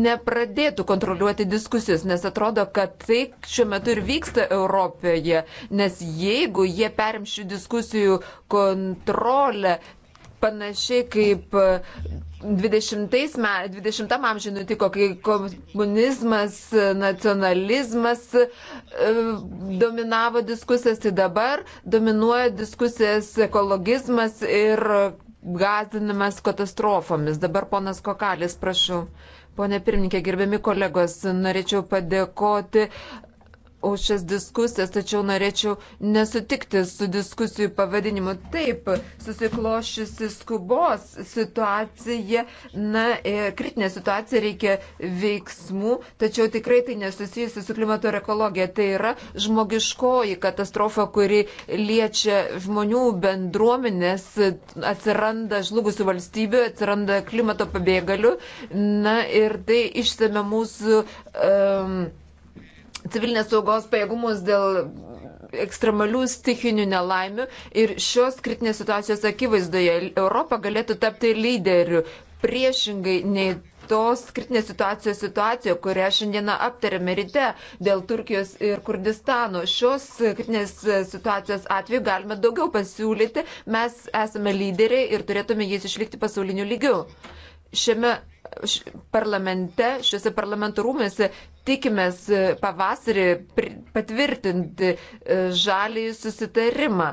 nepradėtų kontroliuoti diskusijos, nes atrodo, kad tai šiuo metu ir vyksta Europoje, nes jeigu jie perim šių diskusijų kontrolę, panašiai kaip 20, 20 amžiuje nutiko, kai komunizmas, nacionalizmas e, dominavo diskusijas, tai dabar dominuoja diskusijas ekologizmas ir gazinimas katastrofomis. Dabar ponas Kokalis, prašau. Pone pirmininkė, gerbiami kolegos, norėčiau padėkoti už šias diskusijas, tačiau norėčiau nesutikti su diskusijų pavadinimu. Taip, susiklošiusi skubos situacija, na, e, kritinė situacija reikia veiksmų, tačiau tikrai tai nesusijusi su klimato ir ekologija. Tai yra žmogiškoji katastrofa, kuri liečia žmonių bendruomenės, atsiranda žlugusių valstybių, atsiranda klimato pabėgalių. Na ir tai išsame mūsų. Um, civilinės saugos pajėgumus dėl ekstremalių stichinių nelaimių ir šios kritinės situacijos akivaizdoje Europa galėtų tapti lyderiu priešingai nei tos kritinės situacijos situacijoje, kurią šiandieną aptarėme ryte dėl Turkijos ir Kurdistano. Šios kritinės situacijos atveju galime daugiau pasiūlyti, mes esame lyderiai ir turėtume jais išlikti pasauliniu lygiu šiame parlamente, šiuose parlamento rūmėse tikimės e, pavasarį patvirtinti e, žalį susitarimą.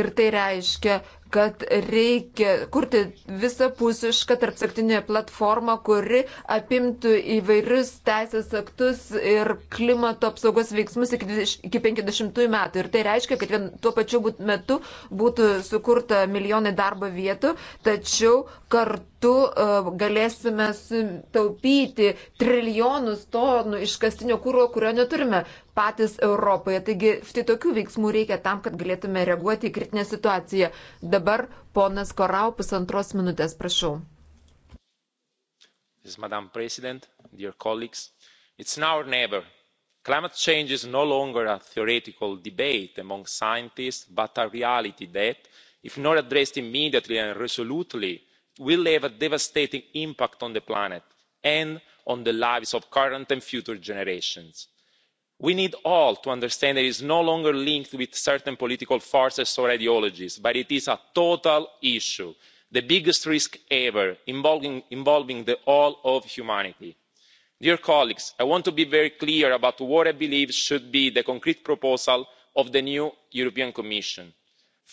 Ir tai reiškia, kad reikia kurti visapusišką tarpsaktinę platformą, kuri apimtų įvairius teisės aktus ir klimato apsaugos veiksmus iki 50 metų. Ir tai reiškia, kad vien tuo pačiu metu būtų sukurta milijonai darbo vietų, tačiau kartu e, galėsime sutaupyti trilijonus tonų iškastinio kūro, kurio neturime patys Europoje. Taigi štai tokių veiksmų reikia tam, kad galėtume reaguoti į kritinę situaciją. Dabar ponas Korau pusantros minutės, prašau. This is Madam President, dear colleagues. It's in our neighbor. Climate change is no longer a theoretical debate among scientists, but a reality that, if not addressed immediately and resolutely, will have a devastating impact on the planet and on the lives of current and future generations we need all to understand that it is no longer linked with certain political forces or ideologies but it is a total issue the biggest risk ever involving the whole of humanity. i want to be very clear about what i believe should be the concrete proposal of the new european commission.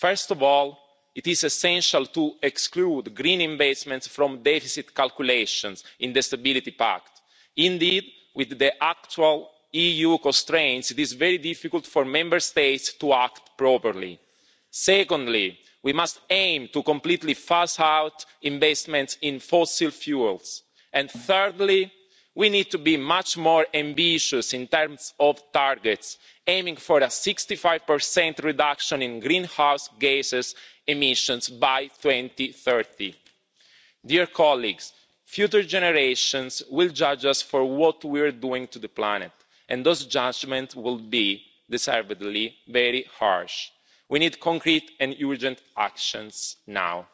first of all it is essential to exclude green investments from deficit calculations in the stability pact. indeed with the actual eu constraints it is very difficult for member states to act properly. secondly we must aim to completely phase out investment in fossil fuels. and thirdly we need to be much more ambitious in terms of targets aiming for a sixty five reduction in greenhouse gas emissions by. two thousand and thirty dear colleagues future generations will judge us for what we are doing to the planet and those judgments will be deservedly very harsh. we need concrete and urgent actions now.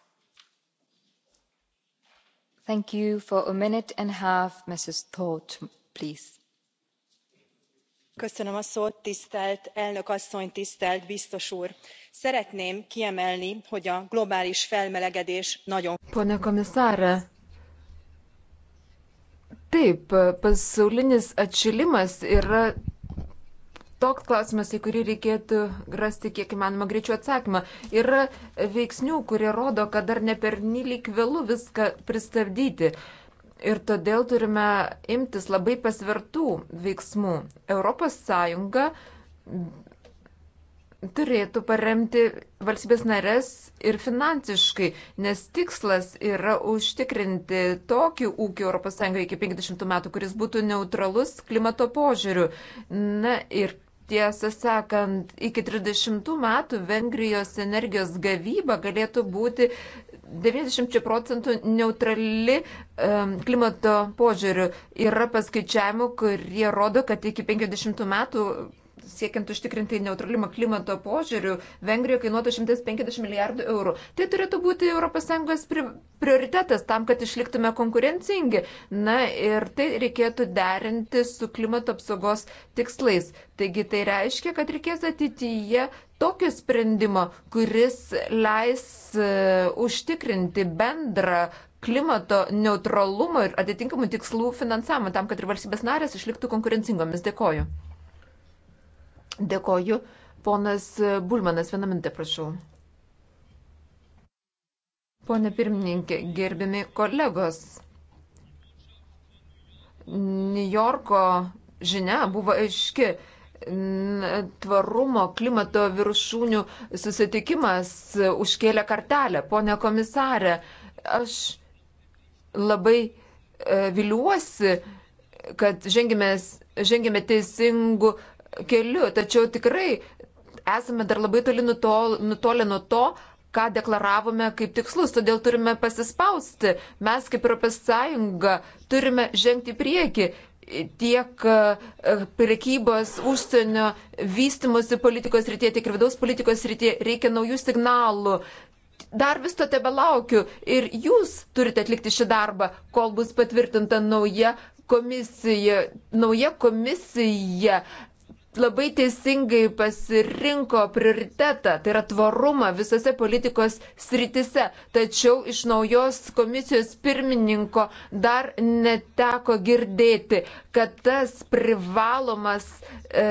thank you for a minute and a half mrs Thought, please. Köszönöm a szót, tisztelt elnök asszony, tisztelt biztos úr! Szeretném kiemelni, hogy a globális felmelegedés nagyon... Pone komisare, Taip, pasaulinis atšilimas yra toks klausimas, į kurį reikėtų rasti kiek įmanoma greičiau atsakymą. Yra veiksnių, kurie rodo, kad dar ne pernelyg vėlų viską pristabdyti. Ir todėl turime imtis labai pasvertų veiksmų. Europos Sąjunga turėtų paremti valstybės narės ir finansiškai, nes tikslas yra užtikrinti tokį ūkį ES iki 50 metų, kuris būtų neutralus klimato požiūriu. Na ir tiesą sakant, iki 30 metų Vengrijos energijos gavyba galėtų būti 90 procentų neutrali um, klimato požiūriu. Yra paskaičiavimų, kurie rodo, kad iki 50 metų siekiant užtikrinti neutralimą klimato požiūrių, Vengrija kainuotų 150 milijardų eurų. Tai turėtų būti ES prioritetas tam, kad išliktume konkurencingi. Na ir tai reikėtų derinti su klimato apsaugos tikslais. Taigi tai reiškia, kad reikės ateityje tokio sprendimo, kuris leis uh, užtikrinti bendrą klimato neutralumo ir atitinkamų tikslų finansavimą tam, kad ir valstybės narės išliktų konkurencingomis. Dėkoju. Dėkoju. Ponas Bulmanas, vieną minutę prašau. Pone pirmininkė, gerbiami kolegos. Niujorko žinia buvo aiški tvarumo klimato viršūnių susitikimas užkėlė kartelę. Pone komisarė, aš labai e, viliuosi, kad žengėme, žengėme teisingų keliu, tačiau tikrai esame dar labai toli nutolę nu, nuo to, ką deklaravome kaip tikslus, todėl turime pasispausti. Mes kaip Europos Sąjunga turime žengti prieki tiek e, prekybos, užsienio, vystimosi politikos rytie, tiek ir vidaus politikos rytie reikia naujų signalų. Dar vis to tebe laukiu ir jūs turite atlikti šį darbą, kol bus patvirtinta nauja komisija. Nauja komisija labai teisingai pasirinko prioritetą, tai yra tvarumą visose politikos sritise. Tačiau iš naujos komisijos pirmininko dar neteko girdėti, kad tas privalomas e,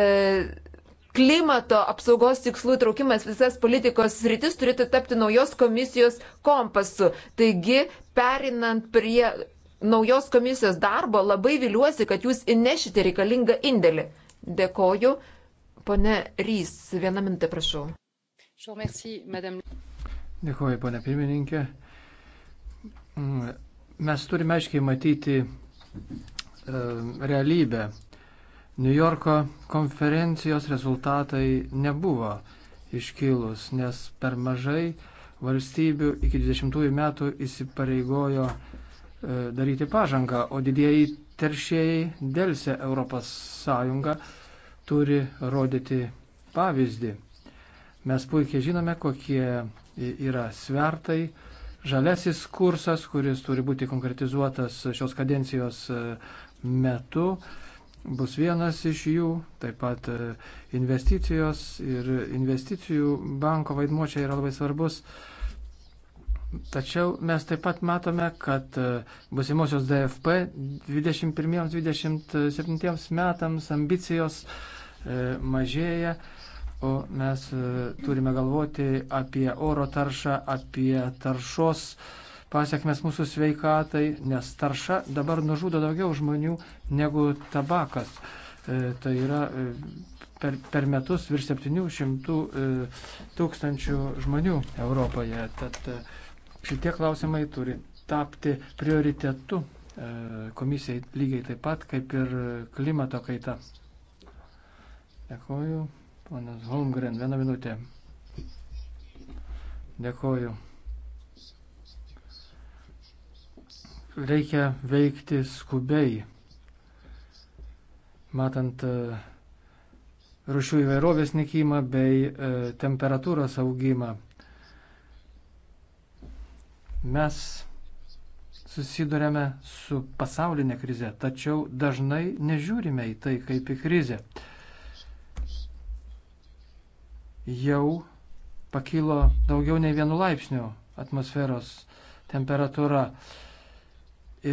klimato apsaugos tikslų traukimas visas politikos sritis turėtų tapti naujos komisijos kompasu. Taigi, perinant prie naujos komisijos darbo, labai viliuosi, kad jūs įnešite reikalingą indėlį. Dėkoju. Pone Rys, vieną minutę prašau. Dėkoju, pone pirmininkė. Mes turime aiškiai matyti e, realybę. New Yorko konferencijos rezultatai nebuvo iškilus, nes per mažai valstybių iki 20 metų įsipareigojo e, daryti pažangą, o didieji teršėjai dėlse ES turi rodyti pavyzdį. Mes puikiai žinome, kokie yra svertai. Žalesis kursas, kuris turi būti konkretizuotas šios kadencijos e, metu, bus vienas iš jų, taip pat e, investicijos ir investicijų banko vaidmuo čia yra labai svarbus. Tačiau mes taip pat matome, kad e, busimosios DFP 21-27 metams ambicijos e, mažėja, o mes e, turime galvoti apie oro taršą, apie taršos pasiekmes mūsų sveikatai, nes tarša dabar nužudo daugiau žmonių negu tabakas. Tai yra per, per metus virš 700 tūkstančių žmonių Europoje. Tad, Šitie klausimai turi tapti prioritetu e, komisijai lygiai taip pat kaip ir klimato kaita. Dėkoju, ponas Holmgren, vieną minutę. Dėkoju. Reikia veikti skubiai, matant e, rušių įvairovės nikimą bei e, temperatūros augimą. Mes susidurėme su pasaulinė krize, tačiau dažnai nežiūrime į tai kaip į krizę. Jau pakilo daugiau nei vienu laipsniu atmosferos temperatūra.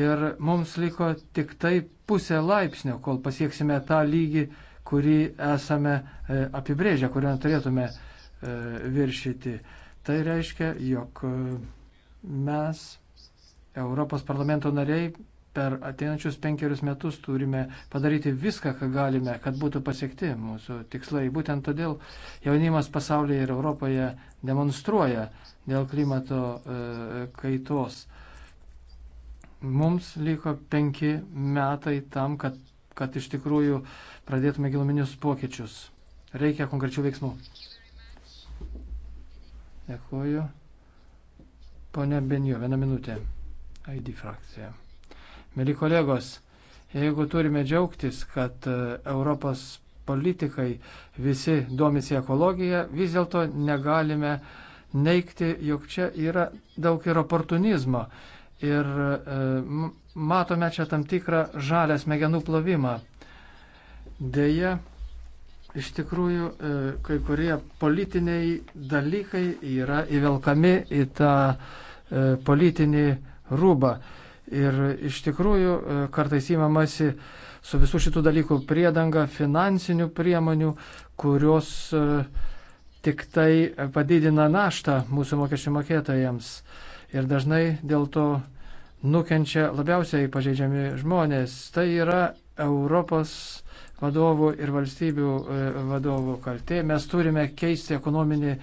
Ir mums liko tik tai pusė laipsnio, kol pasieksime tą lygį, kurį esame e, apibrėžę, kurio neturėtume e, viršyti. Tai reiškia, jog e, mes, Europos parlamento nariai, per ateinančius penkerius metus turime padaryti viską, ką galime, kad būtų pasiekti mūsų tikslai. Būtent todėl jaunimas pasaulyje ir Europoje demonstruoja dėl klimato e, kaitos. Mums liko penki metai tam, kad, kad iš tikrųjų pradėtume giluminius pokyčius. Reikia konkrečių veiksmų. Dėkuoju. Pone Benjo, vieną minutę. ID frakcija. Mėly kolegos, jeigu turime džiaugtis, kad e, Europos politikai visi domisi ekologiją, vis dėlto negalime neikti, jog čia yra daug ir oportunizmo. Ir e, matome čia tam tikrą žalę smegenų plovimą. Deja, Iš tikrųjų, e, kai kurie politiniai dalykai yra įvelkami į tą e, politinį rūbą. Ir iš tikrųjų e, kartais įmamasi su visų šitų dalykų priedanga finansinių priemonių, kurios tik tai padidina naštą mūsų mokesčių mokėtojams. Ir dažnai dėl to nukenčia labiausiai pažeidžiami žmonės. Tai yra Europos vadovų ir valstybių e, vadovų kaltė. Mes turime keisti ekonominį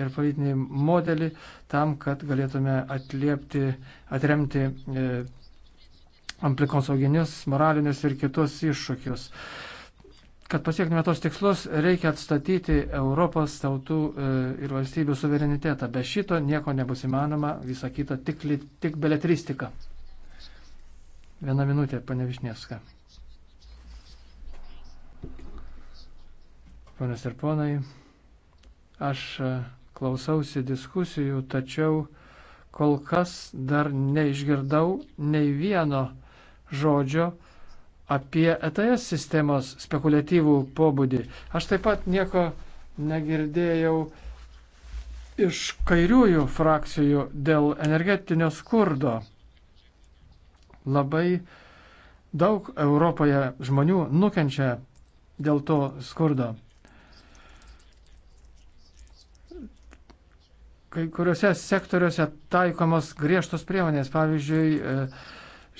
ir politinį modelį tam, kad galėtume atliepti, atremti e, aplinkosauginius, moralinius ir kitus iššūkius. Kad pasiektume tos tikslus, reikia atstatyti Europos tautų e, ir valstybių suverenitetą. Be šito nieko nebus įmanoma, visa kita tik, tik beletristika. Viena minutė, pane Višnieska. Panas ir ponai, aš e, klausausi diskusijų, tačiau kol kas dar neišgirdau nei vieno žodžio apie ETS sistemos spekuliatyvų pobūdį. Aš taip pat nieko negirdėjau iš kairiųjų frakcijų dėl energetinio skurdo. Labai daug Europoje žmonių nukenčia dėl to skurdo. kai kuriuose sektoriuose taikomos griežtos priemonės, pavyzdžiui, e,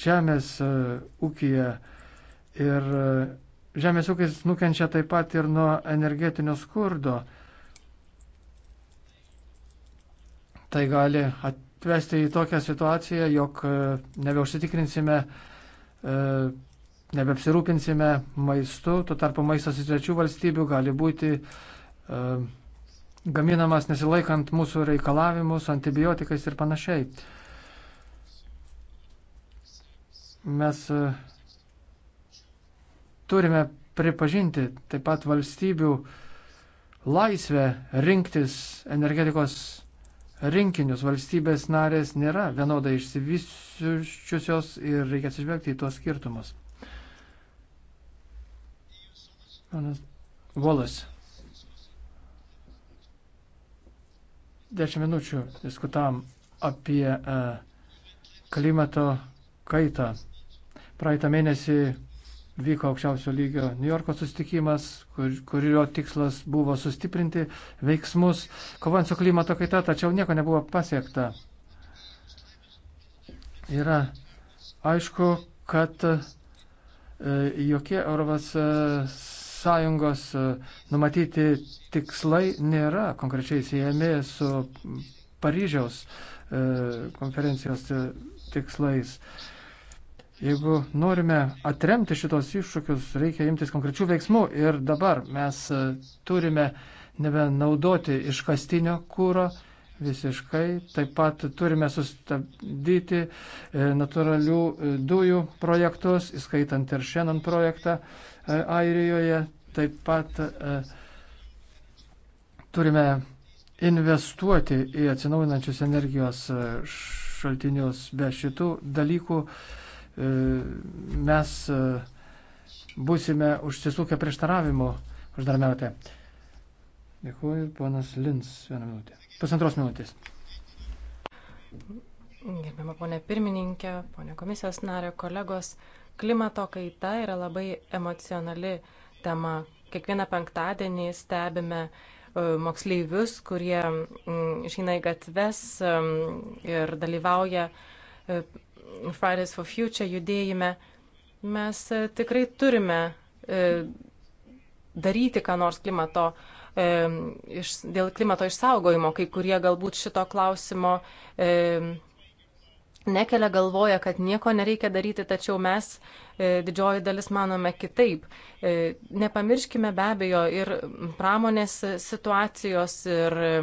žemės e, ūkija. Ir e, žemės ūkis nukenčia taip pat ir nuo energetinio skurdo. Tai gali atvesti į tokią situaciją, jog nebeužsitikrinsime, nebeapsirūpinsime maistu, tuo tarpu maistas iš trečių valstybių gali būti gaminamas nesilaikant mūsų reikalavimus, antibiotikais ir panašiai. Mes e, turime pripažinti taip pat valstybių laisvę rinktis energetikos rinkinius. Valstybės narės nėra vienodai išsivyščiusios ir reikia atsižvelgti į tuos skirtumus. Ponas Volas. 10 minučių diskutavom apie e, klimato kaitą. Praeitą mėnesį vyko aukščiausio lygio New Yorko sustikimas, kur, kurio tikslas buvo sustiprinti veiksmus, kovant su klimato kaita, tačiau nieko nebuvo pasiekta. Yra aišku, kad e, jokie Europos sąjungos e, numatyti tikslai nėra konkrečiai siejami su Paryžiaus e, konferencijos tikslais. Jeigu norime atremti šitos iššūkius, reikia imtis konkrečių veiksmų ir dabar mes e, turime nebenaudoti iškastinio kūro visiškai. Taip pat turime sustabdyti e, natūralių e, dujų projektus, įskaitant ir Šenon projektą e, Airijoje. Taip pat turime investuoti į atsinaujinančius energijos šaltinius. Be šitų dalykų mes būsime užsisukę prieštaravimu uždarmiautę. Dėkuoju, ponas Lins, vieną minutę pusantros minutės. Gerbiama ponė pirmininkė, ponė komisijos narė, kolegos, klimato kaita yra labai emocionali tema. Kiekvieną penktadienį stebime e, moksleivius, kurie mm, išeina į gatves mm, ir dalyvauja e, Fridays for Future judėjime. Mes e, tikrai turime daryti ką nors klimato e, iš, dėl klimato išsaugojimo. Kai kurie galbūt šito klausimo e, nekelia galvoja, kad nieko nereikia daryti, tačiau mes e, didžioji dalis manome kitaip. E, nepamirškime be abejo ir pramonės situacijos ir e,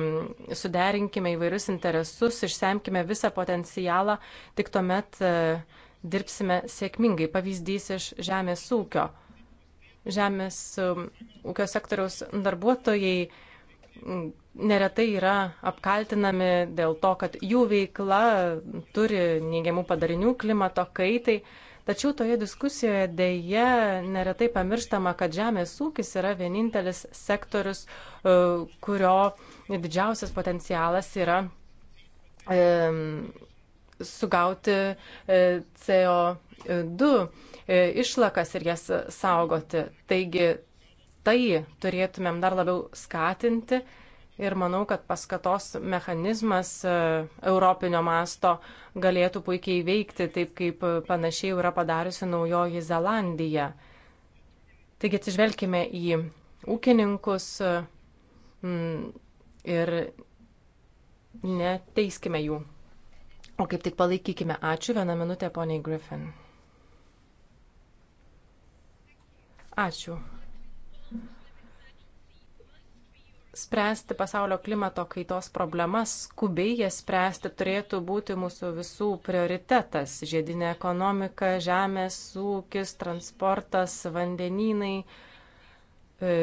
suderinkime įvairius interesus, išsemkime visą potencialą, tik tuomet e, dirbsime sėkmingai. Pavyzdys iš žemės ūkio žemės um, ūkio sektoriaus darbuotojai um, neretai yra apkaltinami dėl to, kad jų veikla turi neigiamų padarinių klimato kaitai. Tačiau toje diskusijoje dėje neretai pamirštama, kad žemės ūkis yra vienintelis sektorius, e, kurio didžiausias potencialas yra sugauti e, CO2 e, išlakas ir jas saugoti. Taigi tai turėtumėm dar labiau skatinti ir manau, kad paskatos mechanizmas e, europinio masto galėtų puikiai veikti, taip kaip panašiai yra padariusi Naujoji Zelandija. Taigi atsižvelkime į ūkininkus ir neteiskime jų. O kaip tik palaikykime. Ačiū. Vieną minutę, poniai Griffin. Ačiū. Spręsti pasaulio klimato kaitos problemas, skubiai jas spręsti turėtų būti mūsų visų prioritetas - žiedinė ekonomika, žemės ūkis, transportas, vandenynai, e,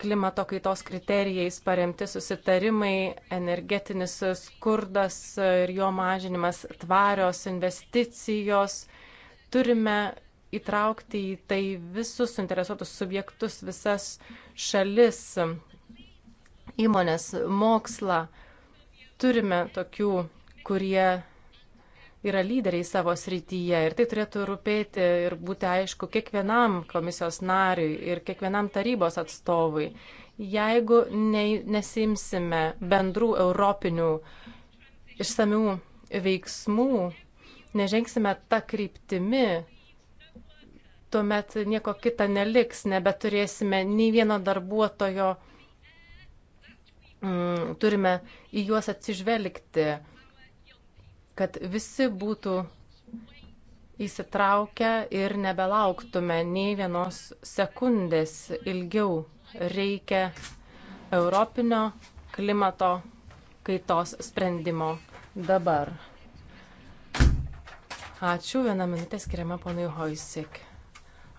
klimato kaitos kriterijais paremti susitarimai, energetinis skurdas ir jo mažinimas, tvarios investicijos. Turime įtraukti į tai visus suinteresuotus subjektus, visas šalis, įmonės, mokslą. Turime tokių, kurie yra lyderiai savo srityje ir tai turėtų rūpėti ir būti aišku kiekvienam komisijos nariui ir kiekvienam tarybos atstovui. Jeigu ne, nesimsime bendrų europinių išsamių veiksmų, nežengsime tą kryptimi, tuomet nieko kita neliks, nebeturėsime nei vieno darbuotojo, mm, turime į juos atsižvelgti kad visi būtų įsitraukę ir nebelauktume nei vienos sekundės ilgiau. Reikia europinio klimato kaitos sprendimo dabar. Ačiū, viena minutė skiriama ponui Hoisik.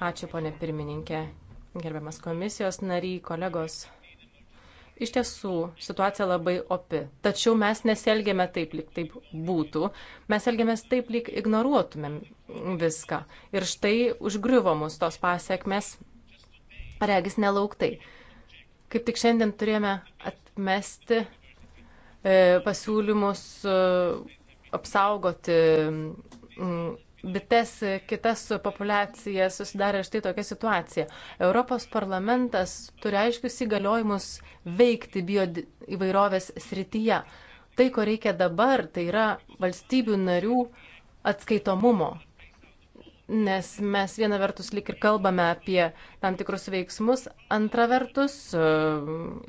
Ačiū, ponė pirmininkė, gerbiamas komisijos nariai, kolegos. Iš tiesų, situacija labai opi. Tačiau mes nesielgėme taip, lyg taip būtų. Mes elgėmės taip, lyg ignoruotumėm viską. Ir štai užgriuvo mus tos pasiekmes, regis nelauktai. Kaip tik šiandien turėjome atmesti e, pasiūlymus e, apsaugoti. Mm, bites, kitas populiacijas susidarė štai tokia situacija. Europos parlamentas turi aiškius įgaliojimus veikti bio įvairovės srityje. Tai, ko reikia dabar, tai yra valstybių narių atskaitomumo. Nes mes viena vertus lik ir kalbame apie tam tikrus veiksmus, antra vertus e,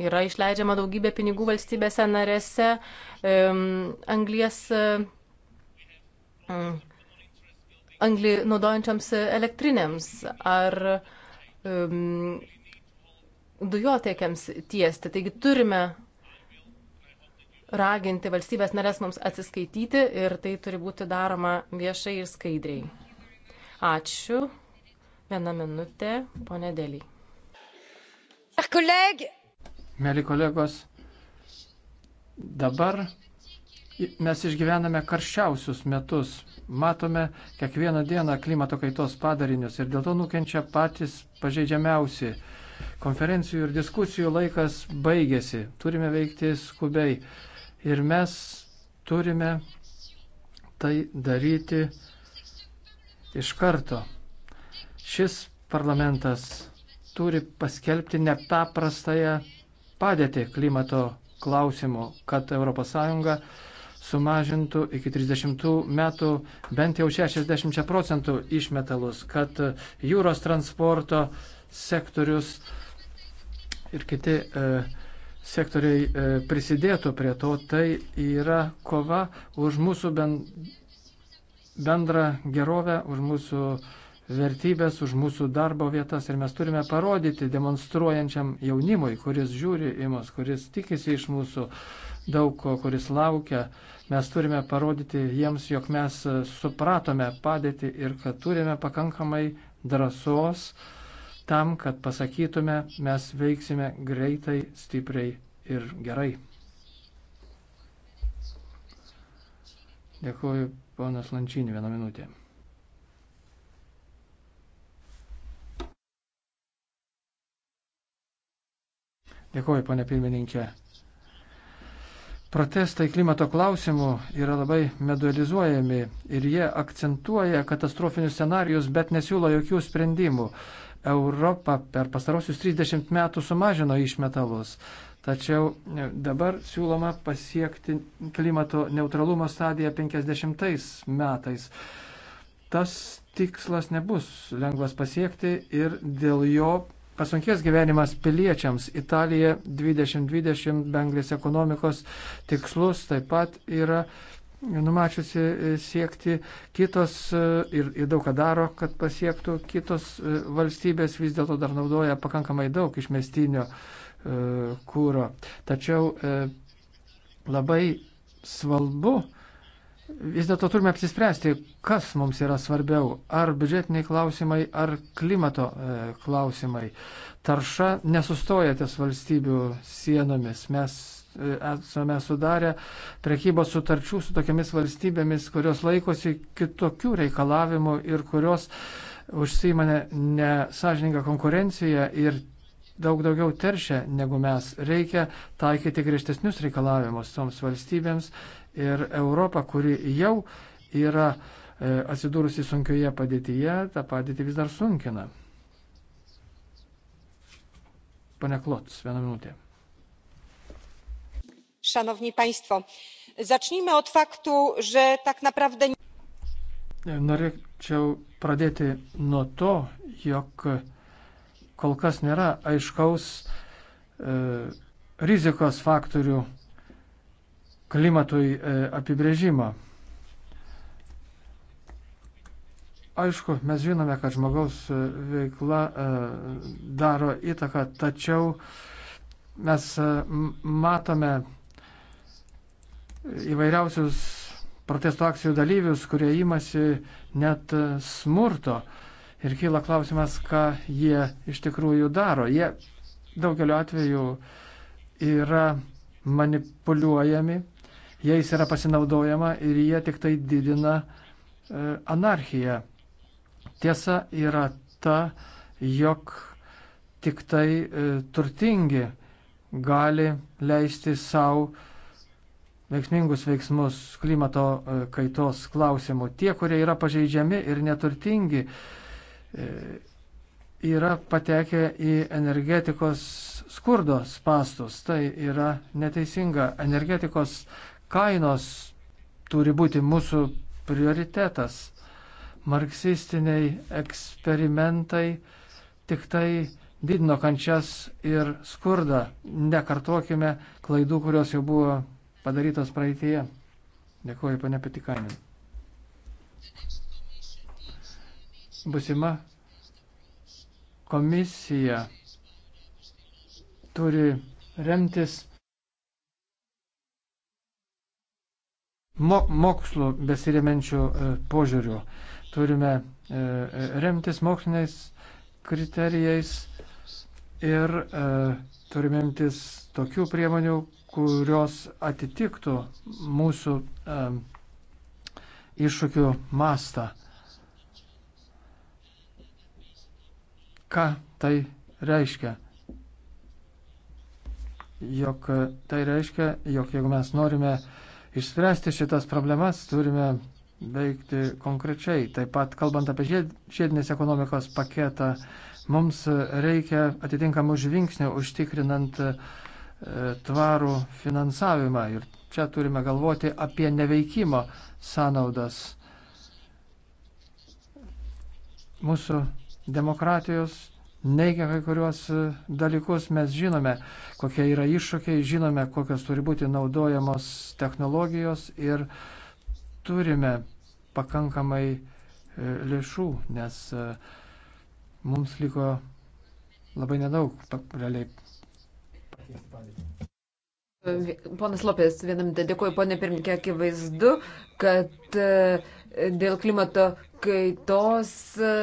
yra išleidžiama daugybė pinigų valstybėse narėse, e, anglies e, anglį naudojančiams elektrinėms ar um, dujotiekiams tiesti. Taigi turime raginti valstybės narės mums atsiskaityti ir tai turi būti daroma viešai ir skaidriai. Ačiū. Viena minutė, ponė Dėlį. Mėly kolegos, dabar mes išgyvename karščiausius metus Matome kiekvieną dieną klimato kaitos padarinius ir dėl to nukenčia patys pažeidžiamiausi. Konferencijų ir diskusijų laikas baigėsi. Turime veikti skubiai. Ir mes turime tai daryti iš karto. Šis parlamentas turi paskelbti nepaprastąją padėtį klimato klausimų, kad ES sumažintų iki 30 metų bent jau 60 procentų išmetalus, kad jūros transporto sektorius ir kiti e, sektoriai e, prisidėtų prie to. Tai yra kova už mūsų ben, bendrą gerovę, už mūsų vertybės, už mūsų darbo vietas ir mes turime parodyti demonstruojančiam jaunimui, kuris žiūri į mus, kuris tikisi iš mūsų, daug ko, kuris laukia. Mes turime parodyti jiems, jog mes supratome padėtį ir kad turime pakankamai drąsos tam, kad pasakytume, mes veiksime greitai, stipriai ir gerai. Dėkuoju, ponas Lančinį, vieną minutę. Dėkuoju, ponė pirmininkė. Protestai klimato klausimų yra labai medualizuojami ir jie akcentuoja katastrofinius scenarius, bet nesiūlo jokių sprendimų. Europa per pastarosius 30 metų sumažino išmetalus, tačiau e, dabar siūloma pasiekti klimato neutralumo stadiją 50 metais. Tas tikslas nebus lengvas pasiekti ir dėl jo pasunkės gyvenimas piliečiams. Italija 2020 Benglis ekonomikos tikslus taip pat yra numačiusi e, siekti kitos e, ir, ir daug ką daro, kad pasiektų kitos e, valstybės vis dėlto dar naudoja pakankamai daug išmestinio kūro. Tačiau labai svarbu, vis dėlto turime apsispręsti, kas mums yra svarbiau - ar biudžetiniai klausimai, ar klimato e, klausimai. Tarša nesustoja ties valstybių sienomis. Mes e, esame sudarę prekybos sutarčių su tokiamis valstybėmis, kurios laikosi kitokių reikalavimų ir kurios užsima nesažininką konkurenciją ir daug daugiau teršia negu mes. Reikia taikyti griežtesnius reikalavimus toms valstybėms ir Europą, kuri jau yra e, atsidūrusi sunkioje padėtyje, tą padėtį vis dar sunkina. Pane Klots, vieną minutę. Szanowni Państwo, zacznijmy od faktu, że tak naprawdę. E, norėčiau pradėti nuo to, jog kol kas nėra aiškaus e, rizikos faktorių klimatui e, apibrėžimą. Aišku, mes žinome, kad žmogaus e, veikla e, daro įtaką, tačiau mes matome įvairiausius protesto akcijų dalyvius, kurie imasi net smurto. Ir kyla klausimas, ką jie iš tikrųjų daro. Jie daugeliu atveju yra manipuliuojami jais yra pasinaudojama ir jie tik tai didina e, anarchiją. Tiesa yra ta, jog tik tai e, turtingi gali leisti savo veiksmingus veiksmus klimato e, kaitos klausimų. Tie, kurie yra pažeidžiami ir neturtingi, yra patekę į energetikos skurdos pastus. Tai yra neteisinga. Energetikos Kainos turi būti mūsų prioritetas. Marksistiniai eksperimentai tik tai didino kančias ir skurdą. Nekartokime klaidų, kurios jau buvo padarytos praeitėje. Dėkuoju, pane Petikanin. Busima komisija turi remtis mo, mokslu besiriamenčių e, požiūrių. Turime e, remtis moksliniais kriterijais ir e, turime imtis tokių priemonių, kurios atitiktų mūsų iššūkių mastą. Ką tai reiškia? Jok tai reiškia, jog jeigu mes norime uh, išspręsti šitas problemas, turime veikti konkrečiai. Taip pat, kalbant apie žiedinės ekonomikos paketą, mums reikia atitinkamų žvingsnių užtikrinant e, tvarų finansavimą. Ir čia turime galvoti apie neveikimo sąnaudas. Mūsų demokratijos neigia kai kuriuos e, dalykus, mes žinome, kokie yra iššūkiai, žinome, kokios turi būti naudojamos technologijos ir turime pakankamai e, lėšų, nes e, mums liko labai nedaug realiai. Ponas Lopės, vienam dėkuoju, ponė pirmininkė, akivaizdu, kad e, dėl klimato kaitos e,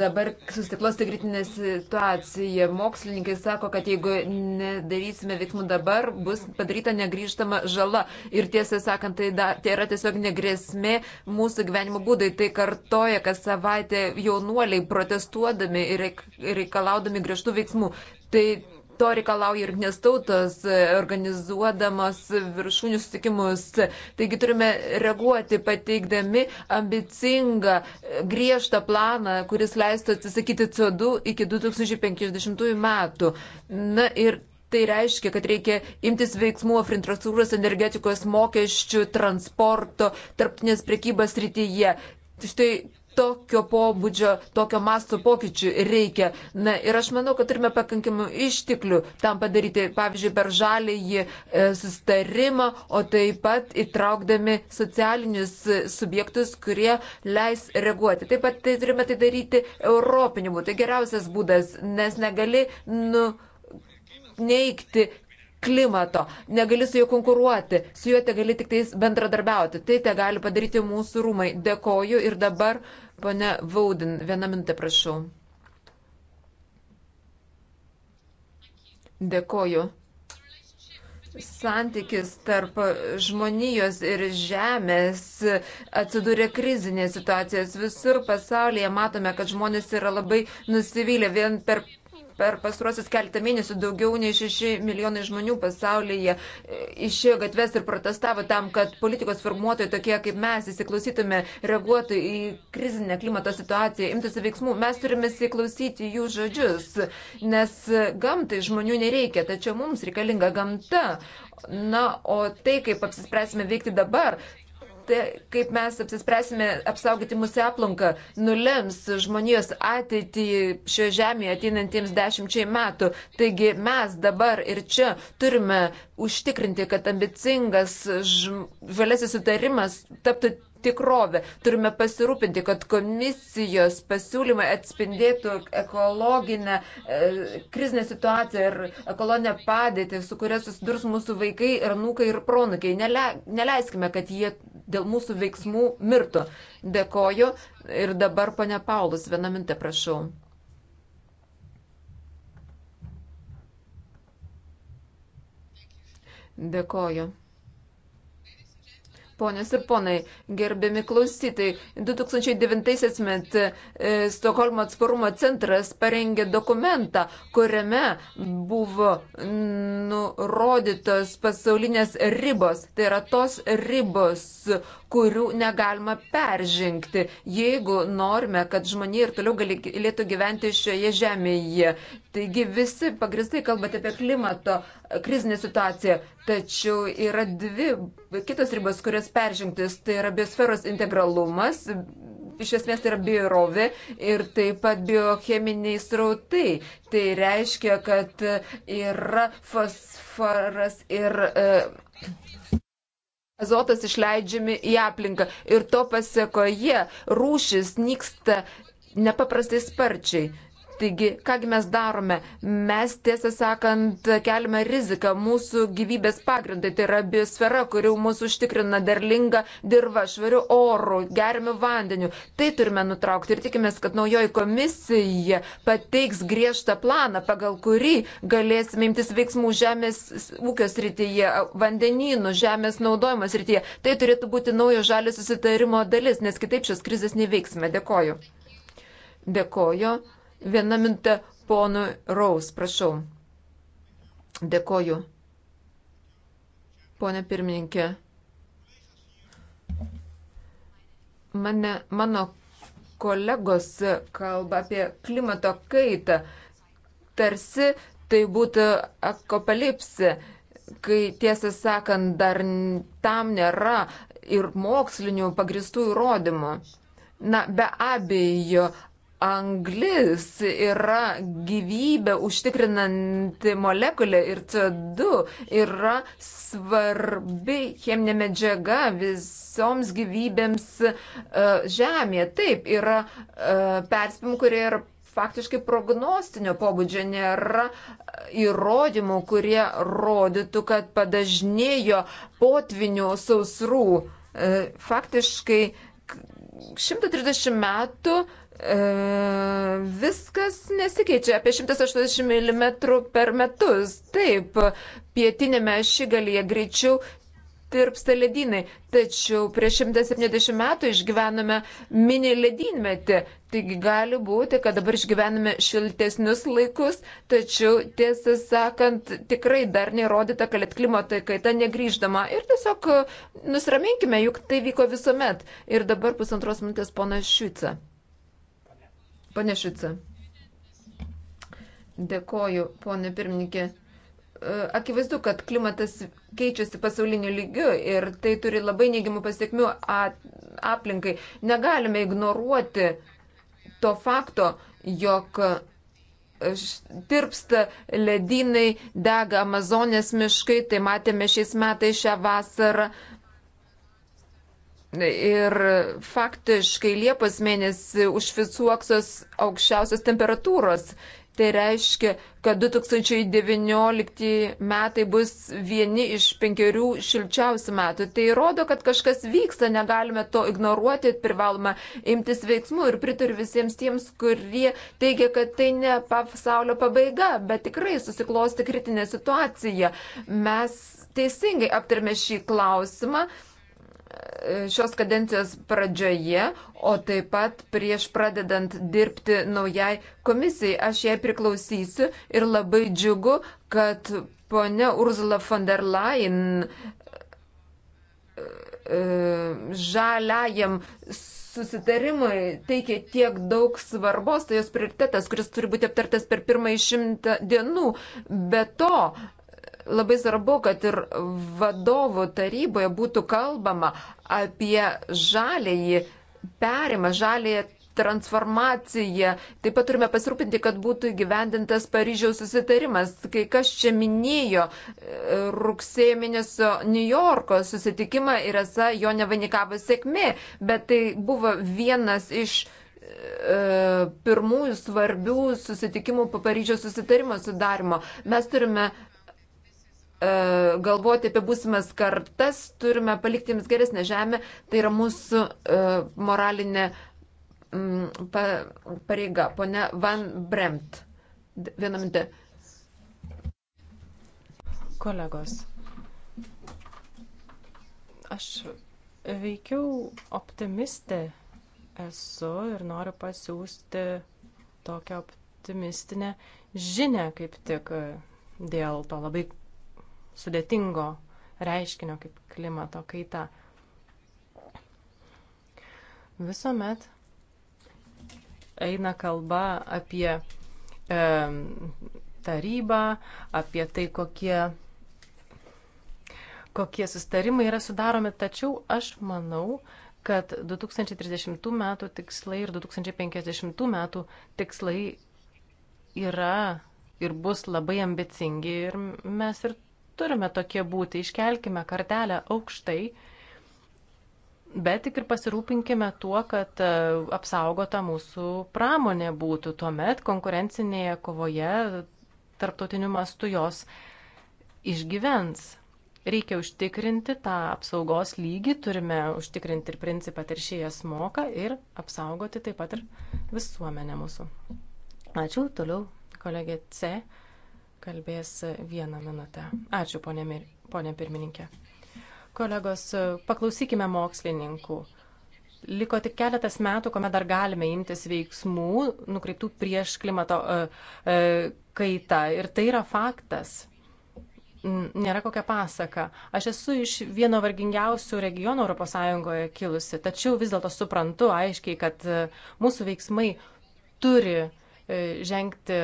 dabar susiklosti kritinė situacija. Mokslininkai sako, kad jeigu nedarysime veiksmų dabar, bus padaryta negryžtama žala. Ir tiesą sakant, tai, da, tai yra tiesiog negresmė mūsų gyvenimo būdai. Tai kartoja kas savaitę jaunuoliai protestuodami ir reikalaudami griežtų veiksmų. Tai To reikalauja ir nestautos, organizuodamas viršūnių sustikimus. Taigi turime reaguoti, pateikdami ambicingą, griežtą planą, kuris leistų atsisakyti CO2 iki 2050 metų. Na ir Tai reiškia, kad reikia imtis veiksmų infrastruktūros, energetikos, mokesčių, transporto, tarptinės prekybos rytyje. Štai tokio pobūdžio, tokio masto pokyčių reikia. Na, ir aš manau, kad turime pakankamų išteklių tam padaryti, pavyzdžiui, per žalėjį e, sustarimą, o taip pat įtraukdami socialinius e, subjektus, kurie leis reaguoti. Taip pat tai turime tai daryti europinimu. Tai geriausias būdas, nes negali nu neikti, klimato. Negali su juo konkuruoti, su juo te gali tik tais bendradarbiauti. Tai te gali padaryti mūsų rūmai. Dėkoju ir dabar, pone Vaudin, vieną minutę prašau. Dėkoju. Santykis tarp žmonijos ir žemės atsidūrė krizinės situacijos. Visur pasaulyje matome, kad žmonės yra labai nusivylę. Vien per per pastruosius keletą mėnesių daugiau nei 6 milijonai žmonių pasaulyje e, išėjo gatves ir protestavo tam, kad politikos formuotojai tokie kaip mes įsiklausytume, reaguotų į krizinę klimato situaciją, imtųsi veiksmų. Mes turime įsiklausyti jų žodžius, nes gamtai žmonių nereikia, tačiau mums reikalinga gamta. Na, o tai, kaip apsispręsime veikti dabar, tai kaip mes apsispręsime apsaugoti mūsų aplinką, nulems žmonijos ateitį šio žemėje ateinantiems dešimčiai metų. Taigi mes dabar ir čia turime užtikrinti, kad ambicingas žalėsis sutarimas taptų tikrovę. Turime pasirūpinti, kad komisijos pasiūlymai atspindėtų ekologinę e, krizinę situaciją ir ekologinę padėtį, su kuria susidurs mūsų vaikai ir nukai ir pronukiai. Nele, neleiskime, kad jie dėl mūsų veiksmų mirtų. Dėkoju ir dabar ponia Paulus, vieną mintę prašau. Dėkoju. Ponios ir ponai, gerbiami klausytai, 2009 met e, Stokholmo atsparumo centras parengė dokumentą, kuriame buvo nurodytos pasaulinės ribos. Tai yra tos ribos, kurių negalima peržengti, jeigu norime, kad žmonė ir toliau galėtų gyventi šioje žemėje. Taigi visi pagristai kalbate apie klimato e, krizinę situaciją, tačiau yra dvi kitos ribos, kurias peržengtis. Tai yra biosferos integralumas, iš esmės tai yra biorovė ir taip pat biocheminiai srautai. Tai reiškia, kad yra fosforas ir. E, azotas išleidžiami į aplinką ir to pasiekoje rūšis nyksta nepaprastai sparčiai. Taigi, kągi mes darome? Mes, tiesą sakant, keliame riziką mūsų gyvybės pagrindai. Tai yra biosfera, kuri mūsų užtikrina derlingą dirbą, švarių orų, gerimių vandenių. Tai turime nutraukti ir tikimės, kad naujoji komisija pateiks griežtą planą, pagal kurį galėsime imtis veiksmų žemės ūkio srityje, vandenynų, žemės naudojimo srityje. Tai turėtų būti naujo žalio susitarimo dalis, nes kitaip šios krizės neveiksime. Dėkoju. Dėkoju. Viena minta ponui Raus, prašau. Dėkoju. Pone pirmininkė. Mane, mano kolegos kalba apie klimato kaitą, tarsi tai būtų akopalipsė, kai tiesą sakant dar tam nėra ir mokslinių pagristų įrodymų. Na, be abejo, anglis yra gyvybę užtikrinanti molekulė ir CO2 yra svarbi cheminė medžiaga visoms gyvybėms uh, Žemėje. Taip, yra uh, perspėjimų, kurie yra faktiškai prognostinio pobūdžio, nėra e, įrodymų, kurie rodytų, kad padažnėjo potvinių sausrų. Uh, faktiškai 130 metų uh, E, viskas nesikeičia apie 180 mm per metus. Taip, pietinėme ašigalyje greičiau tirpsta ledynai, tačiau prieš 170 metų išgyvenome mini ledynmetį. Taigi gali būti, kad dabar išgyvename šiltesnius laikus, tačiau tiesą sakant, tikrai dar nerodyta, kad klimato kaita negryždama. Ir tiesiog nusiraminkime, juk tai vyko visuomet. Ir dabar pusantros minutės pona Šiuca. Pane Šica. Dėkoju, ponė pirmininkė. E, akivaizdu, kad klimatas keičiasi pasauliniu lygiu ir tai turi labai neigiamų pasiekmių aplinkai. Negalime ignoruoti to fakto, jog e, tirpsta ledynai, dega Amazonės miškai, tai matėme šiais metais šią vasarą. Ir faktiškai Liepos mėnesį užfiksuoksos aukščiausios temperatūros. Tai reiškia, kad 2019 metai bus vieni iš penkerių šilčiausių metų. Tai rodo, kad kažkas vyksta, negalime to ignoruoti, privalome imtis veiksmų ir pritariu visiems tiems, kurie teigia, kad tai ne pasaulio pabaiga, bet tikrai susiklosti kritinė situacija. Mes teisingai aptarėme šį klausimą šios kadencijos pradžioje, o taip pat prieš pradedant dirbti naujai komisijai. Aš jai priklausysiu ir labai džiugu, kad ponia Ursula von der Leyen e, žaliajam susitarimui teikia tiek daug svarbos, tai jos prioritetas, kuris turi būti aptartas per pirmąjį šimtą dienų. Be to, labai svarbu, kad ir vadovų taryboje būtų kalbama apie žalėjį perimą, žalėje transformacija. Taip pat turime pasirūpinti, kad būtų įgyvendintas Paryžiaus susitarimas. Kai kas čia minėjo e, rugsėjo mėnesio New Yorko susitikimą ir esą jo nevainikavo sėkmė, bet tai buvo vienas iš e, pirmųjų svarbių susitikimų po Paryžiaus susitarimo sudarimo. Mes turime E, galvoti apie būsimas kartas, turime palikti jiems geresnę žemę, tai yra mūsų e, moralinė mm, pa, pareiga. Pone Van Bremt, vieną minutę. Kolegos, aš veikiau optimistė esu ir noriu pasiūsti tokią optimistinę žinę kaip tik dėl to labai sudėtingo reiškinio kaip klimato kaita. Visuomet eina kalba apie e, tarybą, apie tai, kokie, kokie sustarimai yra sudaromi, tačiau aš manau, kad 2030 metų tikslai ir 2050 metų tikslai yra ir bus labai ambicingi ir mes ir turime tokie būti, iškelkime kartelę aukštai, bet tik ir pasirūpinkime tuo, kad e, apsaugota mūsų pramonė būtų. Tuomet konkurencinėje kovoje tarptautiniu mastu jos išgyvens. Reikia užtikrinti tą apsaugos lygį, turime užtikrinti ir principą teršėjas moka ir apsaugoti taip pat ir visuomenę mūsų. Ačiū, toliau kolegė C kalbės vieną minutę. Ačiū, ponė, Mir... ponė pirmininkė. Kolegos, paklausykime mokslininkų. Liko tik keletas metų, kuomet dar galime imtis veiksmų nukreiptų prieš klimato uh, uh, kaitą. Ir tai yra faktas nėra kokia pasaka. Aš esu iš vieno vargingiausių regionų ES kilusi, tačiau vis dėlto suprantu aiškiai, kad e, mūsų veiksmai turi žengti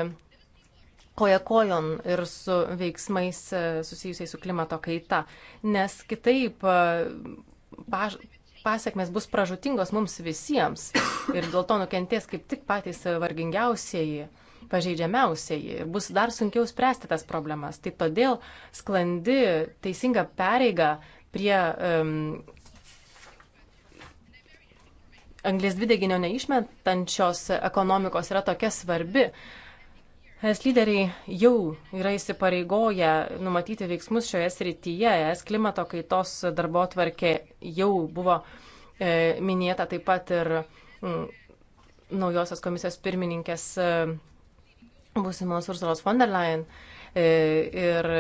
koja kojon ir su veiksmais e, susijusiais su klimato kaita, nes kitaip e, paž pasiekmes bus pražutingos mums visiems ir dėl to nukentės kaip tik patys vargingiausieji, pažeidžiamiausieji ir bus dar sunkiau spręsti tas problemas. Tai todėl sklandi, teisinga pareiga prie um, anglės dvideginio neišmetančios ekonomikos yra tokia svarbi. Uh, Es lyderiai jau yra įsipareigoję numatyti veiksmus šioje srityje. Es klimato kaitos darbo tvarkė jau buvo e, minėta taip pat ir m, mm, naujosios komisijos pirmininkės e, būsimos Ursulos von der Leyen. E, ir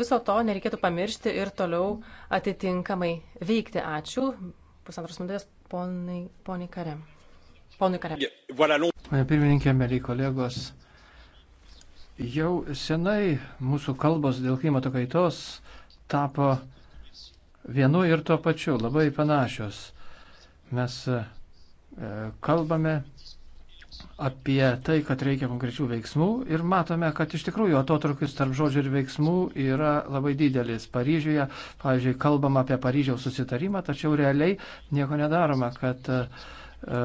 viso to nereikėtų pamiršti ir toliau atitinkamai veikti. Ačiū. Pusantros minutės poniai Kare. Ponui Kare. Pirmininkė, mėly kolegos Jau senai mūsų kalbos dėl klimato kaitos tapo vienu ir tuo pačiu, labai panašios. Mes e, kalbame apie tai, kad reikia konkrečių veiksmų ir matome, kad iš tikrųjų atotrukis tarp žodžių ir veiksmų yra labai didelis. Paryžiuje, pavyzdžiui, kalbama apie Paryžiaus susitarimą, tačiau realiai nieko nedaroma, kad uh, E,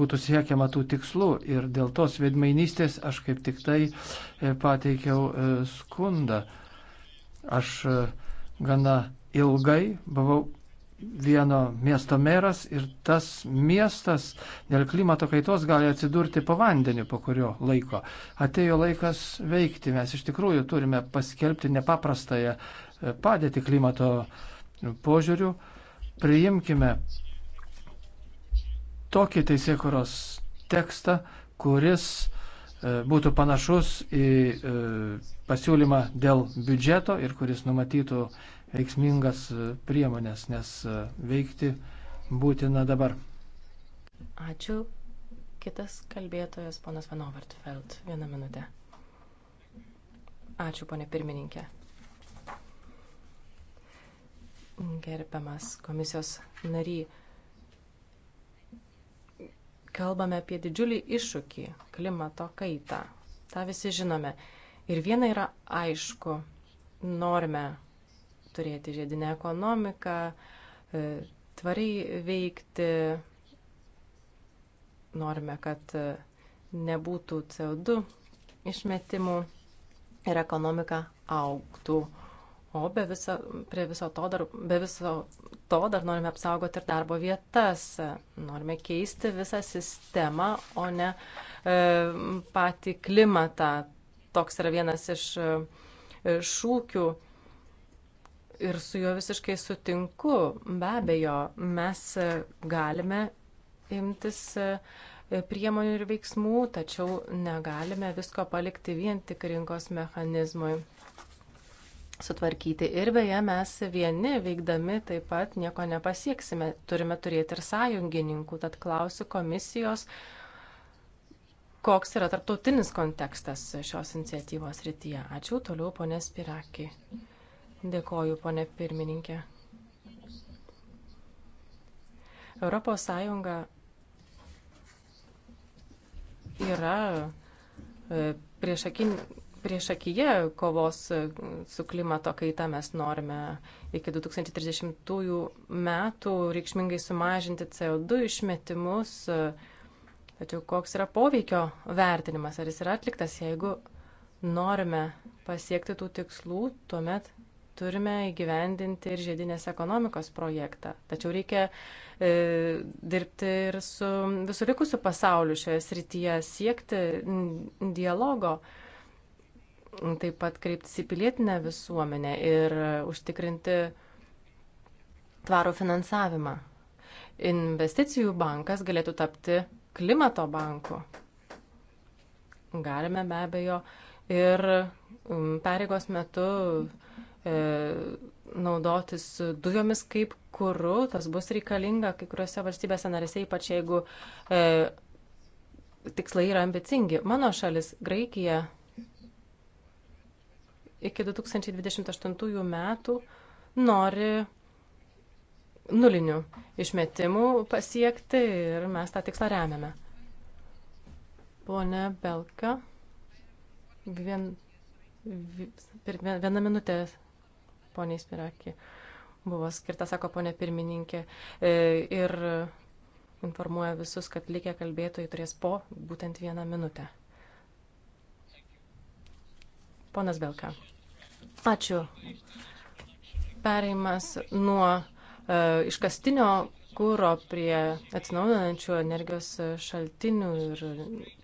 būtų siekiama tų tikslų. Ir dėl tos vedmainystės aš kaip tik tai e, pateikiau e, skundą. Aš gana ilgai buvau vieno miesto meras ir tas miestas dėl klimato kaitos gali atsidurti po vandeniu po kurio laiko. Atėjo laikas veikti, mes iš tikrųjų turime paskelbti nepaprastąją padėtį klimato požiūrių, priimkime tokį teisėkuros tekstą, kuris e, būtų panašus į e, pasiūlymą dėl biudžeto ir kuris numatytų veiksmingas e, priemonės, nes veikti būtina dabar. Ačiū. Kitas kalbėtojas, ponas Vanovartfeld, vieną minutę. Ačiū, ponė pirmininkė. Gerbiamas komisijos nary, Kalbame apie didžiulį iššūkį - klimato kaitą. Ta visi žinome. Ir viena yra aišku - norime turėti žiedinę ekonomiką, e, tvariai veikti, norime, kad e, nebūtų CO2 išmetimų ir ekonomika auktų. O be viso, prie viso to dar, be viso to dar norime apsaugoti ir darbo vietas. Norime keisti visą sistemą, o ne e, patį klimatą. Toks yra vienas iš e, šūkių. Ir su juo visiškai sutinku. Be abejo, mes e, galime imtis e, priemonių ir veiksmų, tačiau negalime visko palikti vien tik rinkos mechanizmui sutvarkyti. Ir beje, mes vieni veikdami taip pat nieko nepasieksime. Turime turėti ir sąjungininkų. Tad klausiu komisijos, koks yra tarptautinis kontekstas šios iniciatyvos rytyje. Ačiū. Toliau ponė Spiraki. Dėkoju, ponė pirmininkė. Europos Sąjunga yra e, priešakinė prieš akiją kovos e, su klimato kaita mes norime iki 2030 metų reikšmingai sumažinti CO2 išmetimus. E, tačiau koks yra poveikio vertinimas, ar jis yra atliktas, jeigu norime pasiekti tų tikslų, tuomet turime įgyvendinti ir žiedinės ekonomikos projektą. Tačiau reikia e, dirbti ir su visų likusiu pasauliu šioje srityje, siekti dialogo. E, taip pat kreiptis į pilietinę visuomenę ir užtikrinti tvarų finansavimą. Investicijų bankas galėtų tapti klimato banku. Galime be abejo ir mm, pareigos metu e, naudotis dujomis kaip kuru, tas bus reikalinga kai kuriuose valstybėse narėse, ypač jeigu e, tikslai yra ambicingi. Mano šalis, Graikija, iki 2028 metų nori nulinių išmetimų pasiekti ir mes tą tikslą remiame. Pone Belka, vien, viena minutė, ponė Spirakė, buvo skirta, sako ponė pirmininkė, e, ir informuoja visus, kad likę kalbėtojai turės po būtent vieną minutę. Ponas Belka. Ačiū. Pereimas nuo uh, iškastinio kūro prie atsinaujinančių energijos šaltinių ir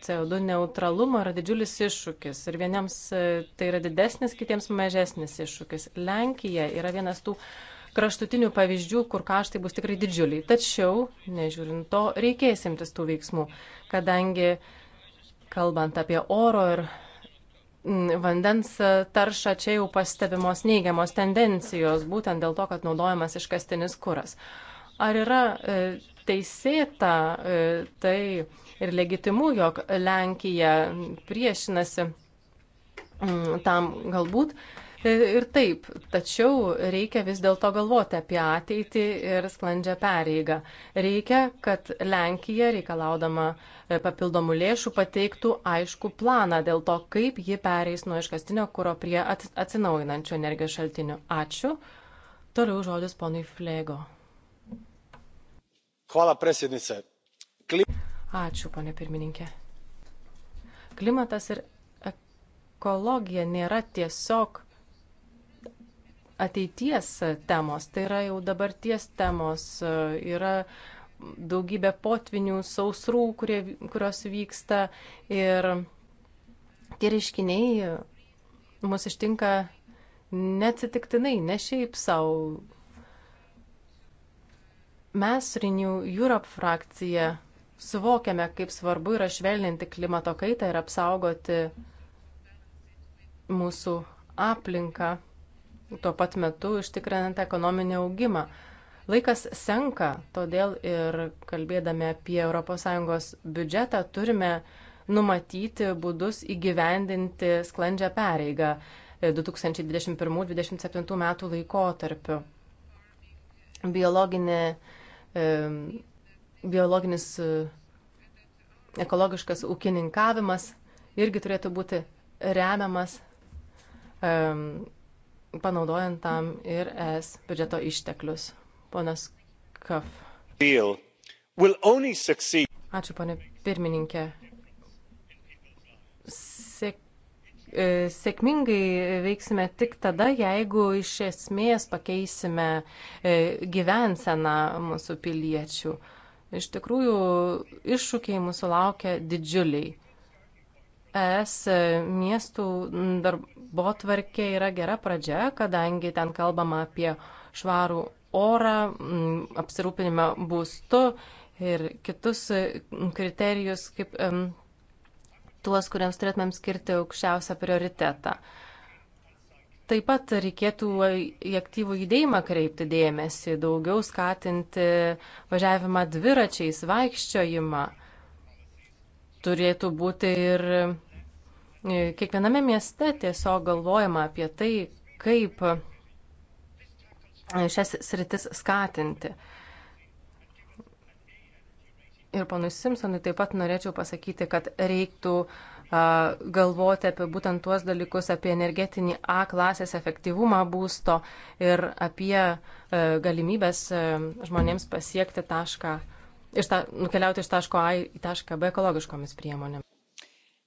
CO2 neutralumo yra didžiulis iššūkis. Ir vieniems e, tai yra didesnis, kitiems mažesnis iššūkis. Lenkija yra vienas tų kraštutinių pavyzdžių, kur kaštai bus tikrai didžiuliai. Tačiau, nežiūrint to, reikės imtis tų veiksmų, kadangi kalbant apie oro ir vandens taršą čia jau pastebimos neigiamos tendencijos, būtent dėl to, kad naudojamas iškastinis kuras. Ar yra e, teisėta e, tai ir legitimu, jog Lenkija priešinasi tam galbūt E, ir taip, tačiau reikia vis dėlto galvoti apie ateitį ir sklandžią pareigą. Reikia, kad Lenkija, reikalaudama e, papildomų lėšų, pateiktų aišku planą dėl to, kaip ji pereis nuo iškastinio kūro prie atsinaujinančių energijos šaltinių. Ačiū. Toliau žodis ponui Flego. Hvala, predsjednice. Klim... Ačiū, ponė pirmininkė. Klimatas ir ekologija nėra tiesiog ateities temos, tai yra jau dabarties temos, yra daugybė potvinių, sausrų, kurie, kurios vyksta ir tie reiškiniai mus ištinka neatsitiktinai, ne šiaip savo. Mes, Renew Europe frakcija, suvokiame, kaip svarbu yra švelninti klimato kaitą ir apsaugoti mūsų aplinką tuo pat metu ištikrinant ekonominį augimą. Laikas senka, todėl ir kalbėdami apie ES biudžetą turime numatyti būdus įgyvendinti sklandžią pareigą 2021-2027 metų laikotarpiu. Biologinė, biologinis ekologiškas ūkininkavimas irgi turėtų būti remiamas panaudojant tam ir ES biudžeto išteklius. Ponas Kaf. Ačiū, ponė pirmininkė. Sėk, e, sėkmingai veiksime tik tada, jeigu iš esmės pakeisime e, gyvenseną mūsų piliečių. Iš tikrųjų, iššūkiai mūsų laukia didžiuliai ES miestų darbo tvarkė yra gera pradžia, kadangi ten kalbama apie švarų orą, apsirūpinimą būstu ir kitus kriterijus, kaip tuos, kuriems turėtumėm skirti aukščiausią prioritetą. Taip pat reikėtų į aktyvų judėjimą kreipti dėmesį, daugiau skatinti važiavimą dviračiais, vaikščiojimą. Turėtų būti ir E, kiekviename mieste tiesiog galvojama apie tai, kaip e, šias sritis skatinti. Ir ponui Simpsonui taip pat norėčiau pasakyti, kad reiktų a, galvoti apie būtent tuos dalykus, apie energetinį A klasės efektyvumą būsto ir apie a, e, galimybės a, žmonėms pasiekti tašką, iš ta, nukeliauti iš taško A į tašką B ekologiškomis priemonėmis.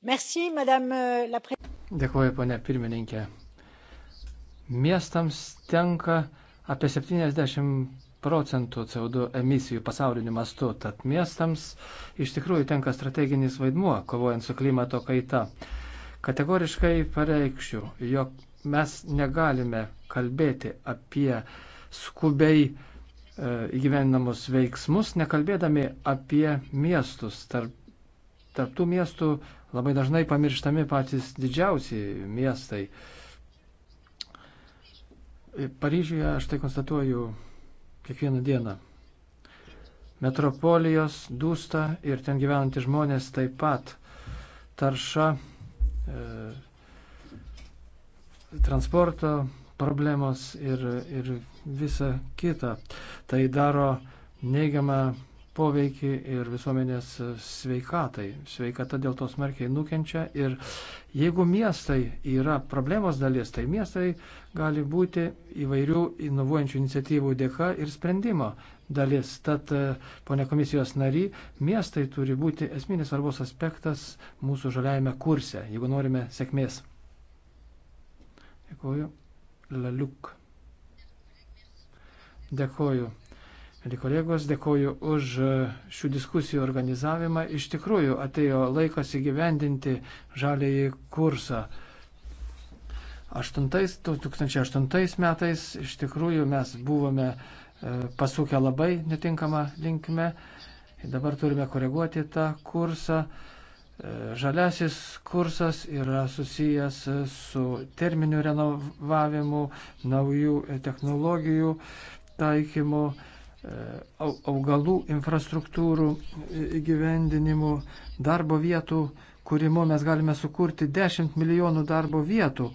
Euh, Dėkuoju, ponė pirmininkė. Miestams tenka apie 70 procentų CO2 emisijų pasauliniu mastu, tad miestams iš tikrųjų tenka strateginis vaidmuo kovojant su klimato kaita. Kategoriškai pareikščiau, jog mes negalime kalbėti apie skubiai e, įgyvendinamus veiksmus, nekalbėdami apie miestus. Tarp, tarp tų miestų Labai dažnai pamirštami patys didžiausi miestai. Paryžiuje aš tai konstatuoju kiekvieną dieną. Metropolijos dūsta ir ten gyvenantys žmonės taip pat. Tarša, e, transporto problemos ir, ir visa kita. Tai daro neigiamą poveikį ir visuomenės sveikatai. Sveikata dėl to smarkiai nukenčia ir jeigu miestai yra problemos dalis, tai miestai gali būti įvairių inovuojančių iniciatyvų dėka ir sprendimo dalis. Tad, e, ponė komisijos nary, miestai turi būti esminis svarbus aspektas mūsų žaliajame kurse, jeigu norime sėkmės. Dėkuoju. Laliuk. Dėkuoju. Mėly kolegos, dėkoju už e, šių diskusijų organizavimą. Iš tikrųjų atėjo laikas įgyvendinti žalėjį kursą. 2008 metais iš tikrųjų mes buvome e, pasukę labai netinkamą linkmę. Dabar turime koreguoti tą kursą. E, žaliasis kursas yra susijęs su terminių renovavimu, naujų technologijų taikymu E, augalų infrastruktūrų įgyvendinimu, darbo vietų kūrimu mes galime sukurti 10 milijonų darbo vietų.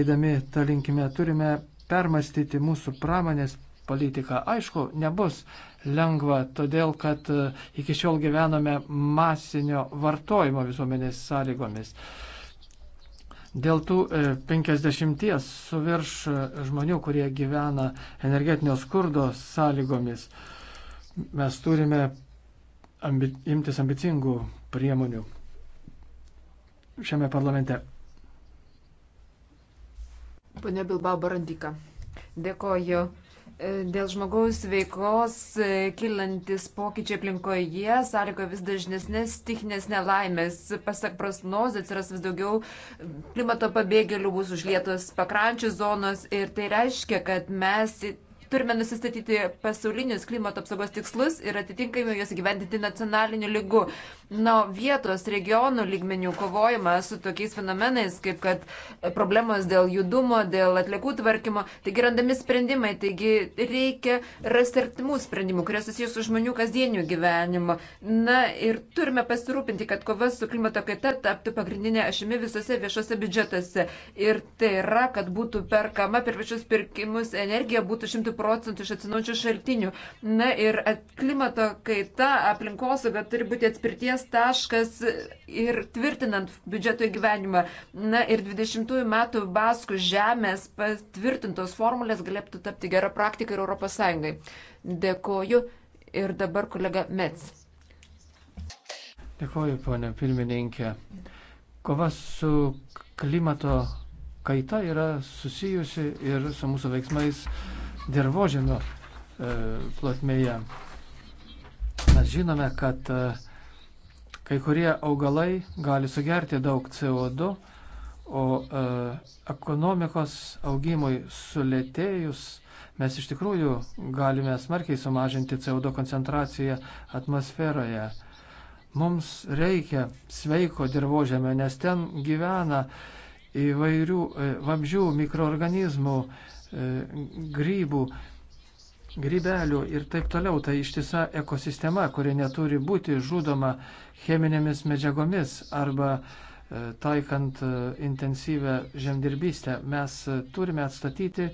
Eidami tą linkime turime permastyti mūsų pramonės politiką. Aišku, nebus lengva, todėl kad e, iki šiol gyvenome masinio vartojimo visuomenės sąlygomis. Uh, Dėl tų 50 su virš žmonių, kurie gyvena energetinio skurdo sąlygomis, mes turime ambi imtis ambicingų priemonių šiame parlamente. Pane Bilbao Barandika, dėkoju. Dėl žmogaus veiklos e, kilantis pokyčiai aplinkoje sąlygo vis dažnesnės stichinės nelaimės. Pasak prasnoz atsiras vis daugiau klimato pabėgėlių, bus užlietos pakrančių zonos ir tai reiškia, kad mes Turime nusistatyti pasaulinius klimato apsaugos tikslus ir atitinkamai juos gyvendinti nacionaliniu lygu. Na, vietos regionų lygmenių kovojama su tokiais fenomenais, kaip kad problemos dėl judumo, dėl atliekų tvarkymo, taigi randami sprendimai, taigi reikia rasti artimų sprendimų, kurie susijęs su žmonių kasdieniu gyvenimu. Na ir turime pasirūpinti, kad kova su klimato kaita taptų pagrindinė ašimi visose viešose biudžetuose. Ir tai yra, kad būtų perkama per viešus pirkimus energija, būtų šimtų procentų iš atsinaujančių šaltinių. Na ir e, klimato kaita, aplinkosauga turi būti atspirties taškas ir tvirtinant biudžeto įgyvenimą. Na ir 20 metų Baskų žemės patvirtintos formulės galėtų tapti gerą praktiką ir Europos Sąjungai. Dėkoju. Ir dabar kolega Mets. Dėkoju, ponė pirmininkė. Kova su klimato kaita yra susijusi ir su mūsų veiksmais dirbožėmio e, plotmėje. Mes žinome, kad e, kai kurie augalai gali sugerti daug CO2, o e, ekonomikos augimui sulėtėjus mes iš tikrųjų galime smarkiai sumažinti CO2 koncentraciją atmosferoje. Mums reikia sveiko dirbožėmio, nes ten gyvena įvairių vabžių, mikroorganizmų, E, grybų, grybelių ir taip toliau. Tai ištisa ekosistema, kuri neturi būti žudoma cheminėmis medžiagomis arba e, taikant e, intensyvę žemdirbystę. Mes turime atstatyti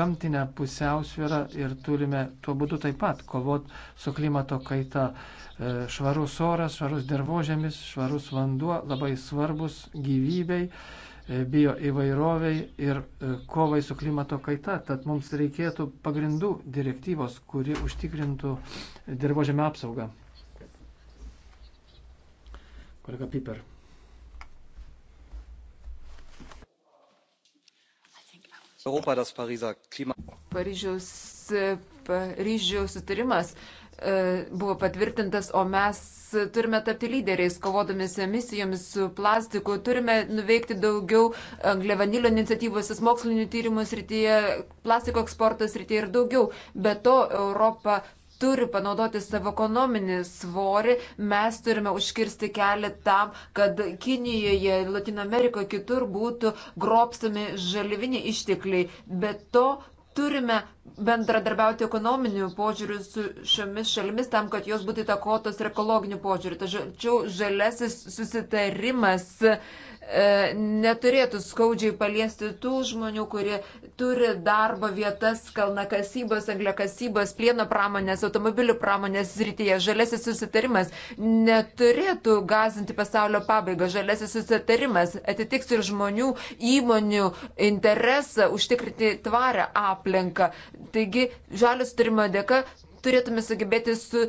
gamtinę pusiausvyrą ir turime tuo būdu taip pat kovoti su klimato kaita. Švarus oras, švarus dirbožėmis, švarus vanduo labai svarbus gyvybei E, bio įvairoviai ir e, kovai su klimato kaita. Tad mums reikėtų pagrindų direktyvos, kuri užtikrintų dirbožėmę apsaugą. Kolega Piper. Europa, das Pariser Klima. Paryžiaus, e, Paryžiaus sutarimas E, buvo patvirtintas, o mes turime tapti lyderiais, kovodami su emisijomis, su plastiku, turime nuveikti daugiau glevanilio iniciatyvose, mokslininių tyrimų srityje, plastiko eksporto srityje ir daugiau. Be to, Europa turi panaudoti savo ekonominį svorį, mes turime užkirsti kelią tam, kad Kinijoje, Latino Amerikoje, kitur būtų grobstami žaliviniai ištekliai. Bet to Turime bendradarbiauti ekonominiu požiūriu su šiomis šalimis tam, kad jos būtų įtakotos ir ekologiniu požiūriu. Tačiau žalesis susitarimas E, neturėtų skaudžiai paliesti tų žmonių, kurie turi darbo vietas kalnakasybos, angliakasybos, plieno pramonės, automobilių pramonės srityje. Žalesis susitarimas neturėtų gazinti pasaulio pabaigą. Žalesis susitarimas atitiks ir žmonių įmonių interesą užtikrinti tvarę aplinką. Taigi, žalio sutarimo dėka turėtume sugebėti su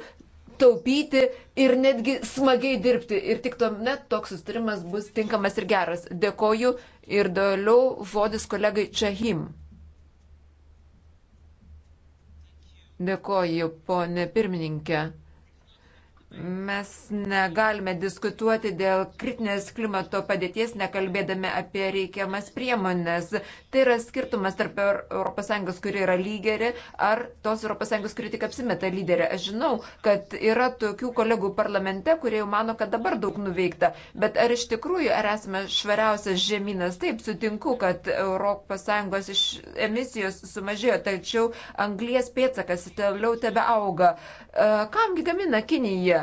taupyti ir netgi smagiai dirbti. Ir tik tuomet toks sustarimas bus tinkamas ir geras. Dėkoju ir toliau žodis kolegai Čahim. Dėkoju, ponė pirmininkė. Mes negalime diskutuoti dėl kritinės klimato padėties, nekalbėdami apie reikiamas priemonės. Tai yra skirtumas tarp ES, kuri yra lyderė, ar tos ES, kuri tik apsimeta lyderė. Aš žinau, kad yra tokių kolegų parlamente, kurie jau mano, kad dabar daug nuveikta. Bet ar iš tikrųjų, ar esame švariausias žemynas? Taip, sutinku, kad ES emisijos sumažėjo, tačiau anglies pėtsakas toliau tebe auga. E, kamgi gamina Kinija?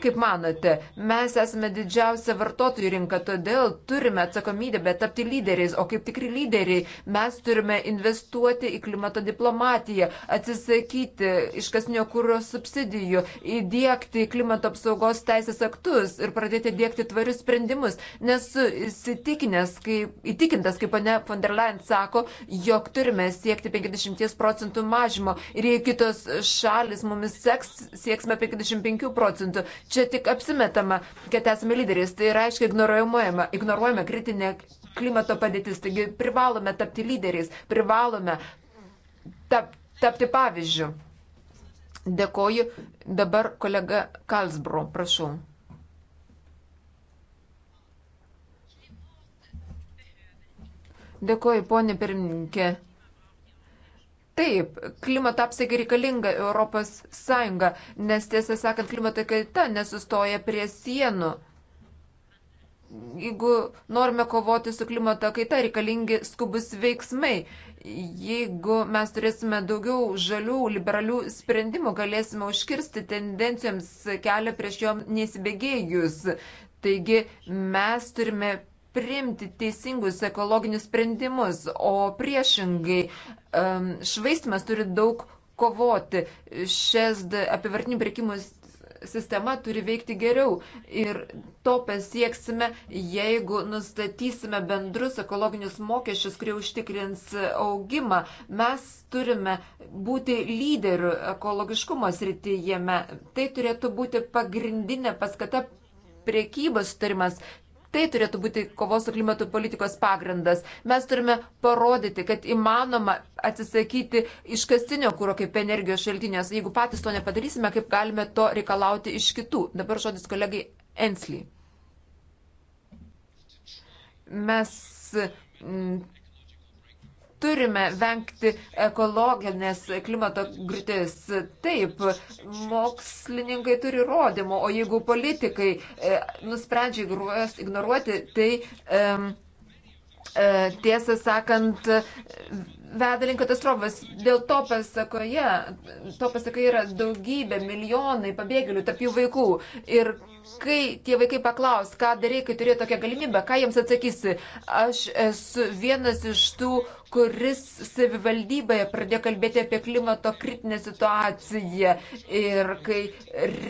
Kaip manote, mes esame didžiausia vartotojų rinka, todėl turime atsakomybę tapti lyderiais, o kaip tikri lyderiai mes turime investuoti į klimato diplomatiją, atsisakyti iškasnio kūro subsidijų, įdėkti klimato apsaugos teisės aktus ir pradėti dėkti tvarius sprendimus. Nesu įsitikinęs, kaip, įtikintas, kaip pane von der Leyen sako, jog turime siekti 50 procentų mažimo ir jei kitos šalis mumis seks, sieksime 55 procentų čia tik apsimetama, kad esame lyderiais. Tai yra aiškiai ignoruojama, ignoruojama kritinė klimato padėtis. Taigi privalome tapti lyderiais, privalome tap, tapti pavyzdžių. Dėkoju. Dabar kolega Kalsbro, prašau. Dėkoju, ponė pirmininkė. Taip, klimato apsaugai reikalinga Europos Sąjunga, nes tiesą sakant, klimato kaita nesustoja prie sienų. Jeigu norime kovoti su klimato kaita, reikalingi skubus veiksmai. Jeigu mes turėsime daugiau žalių, liberalių sprendimų, galėsime užkirsti tendencijoms kelią prieš jom nesibėgėjus. Taigi mes turime priimti teisingus ekologinius sprendimus, o priešingai švaistimas turi daug kovoti. Šias apivartinių priekimų sistema turi veikti geriau ir to pasieksime, jeigu nustatysime bendrus ekologinius mokesčius, kurie užtikrins augimą. Mes turime būti lyderių ekologiškumo srityje. Tai turėtų būti pagrindinė paskata priekybos sutarimas Tai turėtų būti kovos su klimatu politikos pagrindas. Mes turime parodyti, kad įmanoma atsisakyti iškastinio kūro kaip energijos šaltinės. Jeigu patys to nepadarysime, kaip galime to reikalauti iš kitų. Dabar žodis kolegai Ensly. Mes mm, turime vengti ekologinės klimato griūtis. Taip, mokslininkai turi rodymų, o jeigu politikai e, nusprendžia juos ignoruoti, tai e, e, tiesą sakant, veda link katastrofas. Dėl to pasakoje, to pasakoje yra daugybė, milijonai pabėgėlių, tarp jų vaikų. Ir kai tie vaikai paklaus, ką darai, kai turėjo tokią galimybę, ką jiems atsakysi, aš esu vienas iš tų, kuris savivaldybėje pradėjo kalbėti apie klimato kritinę situaciją ir kai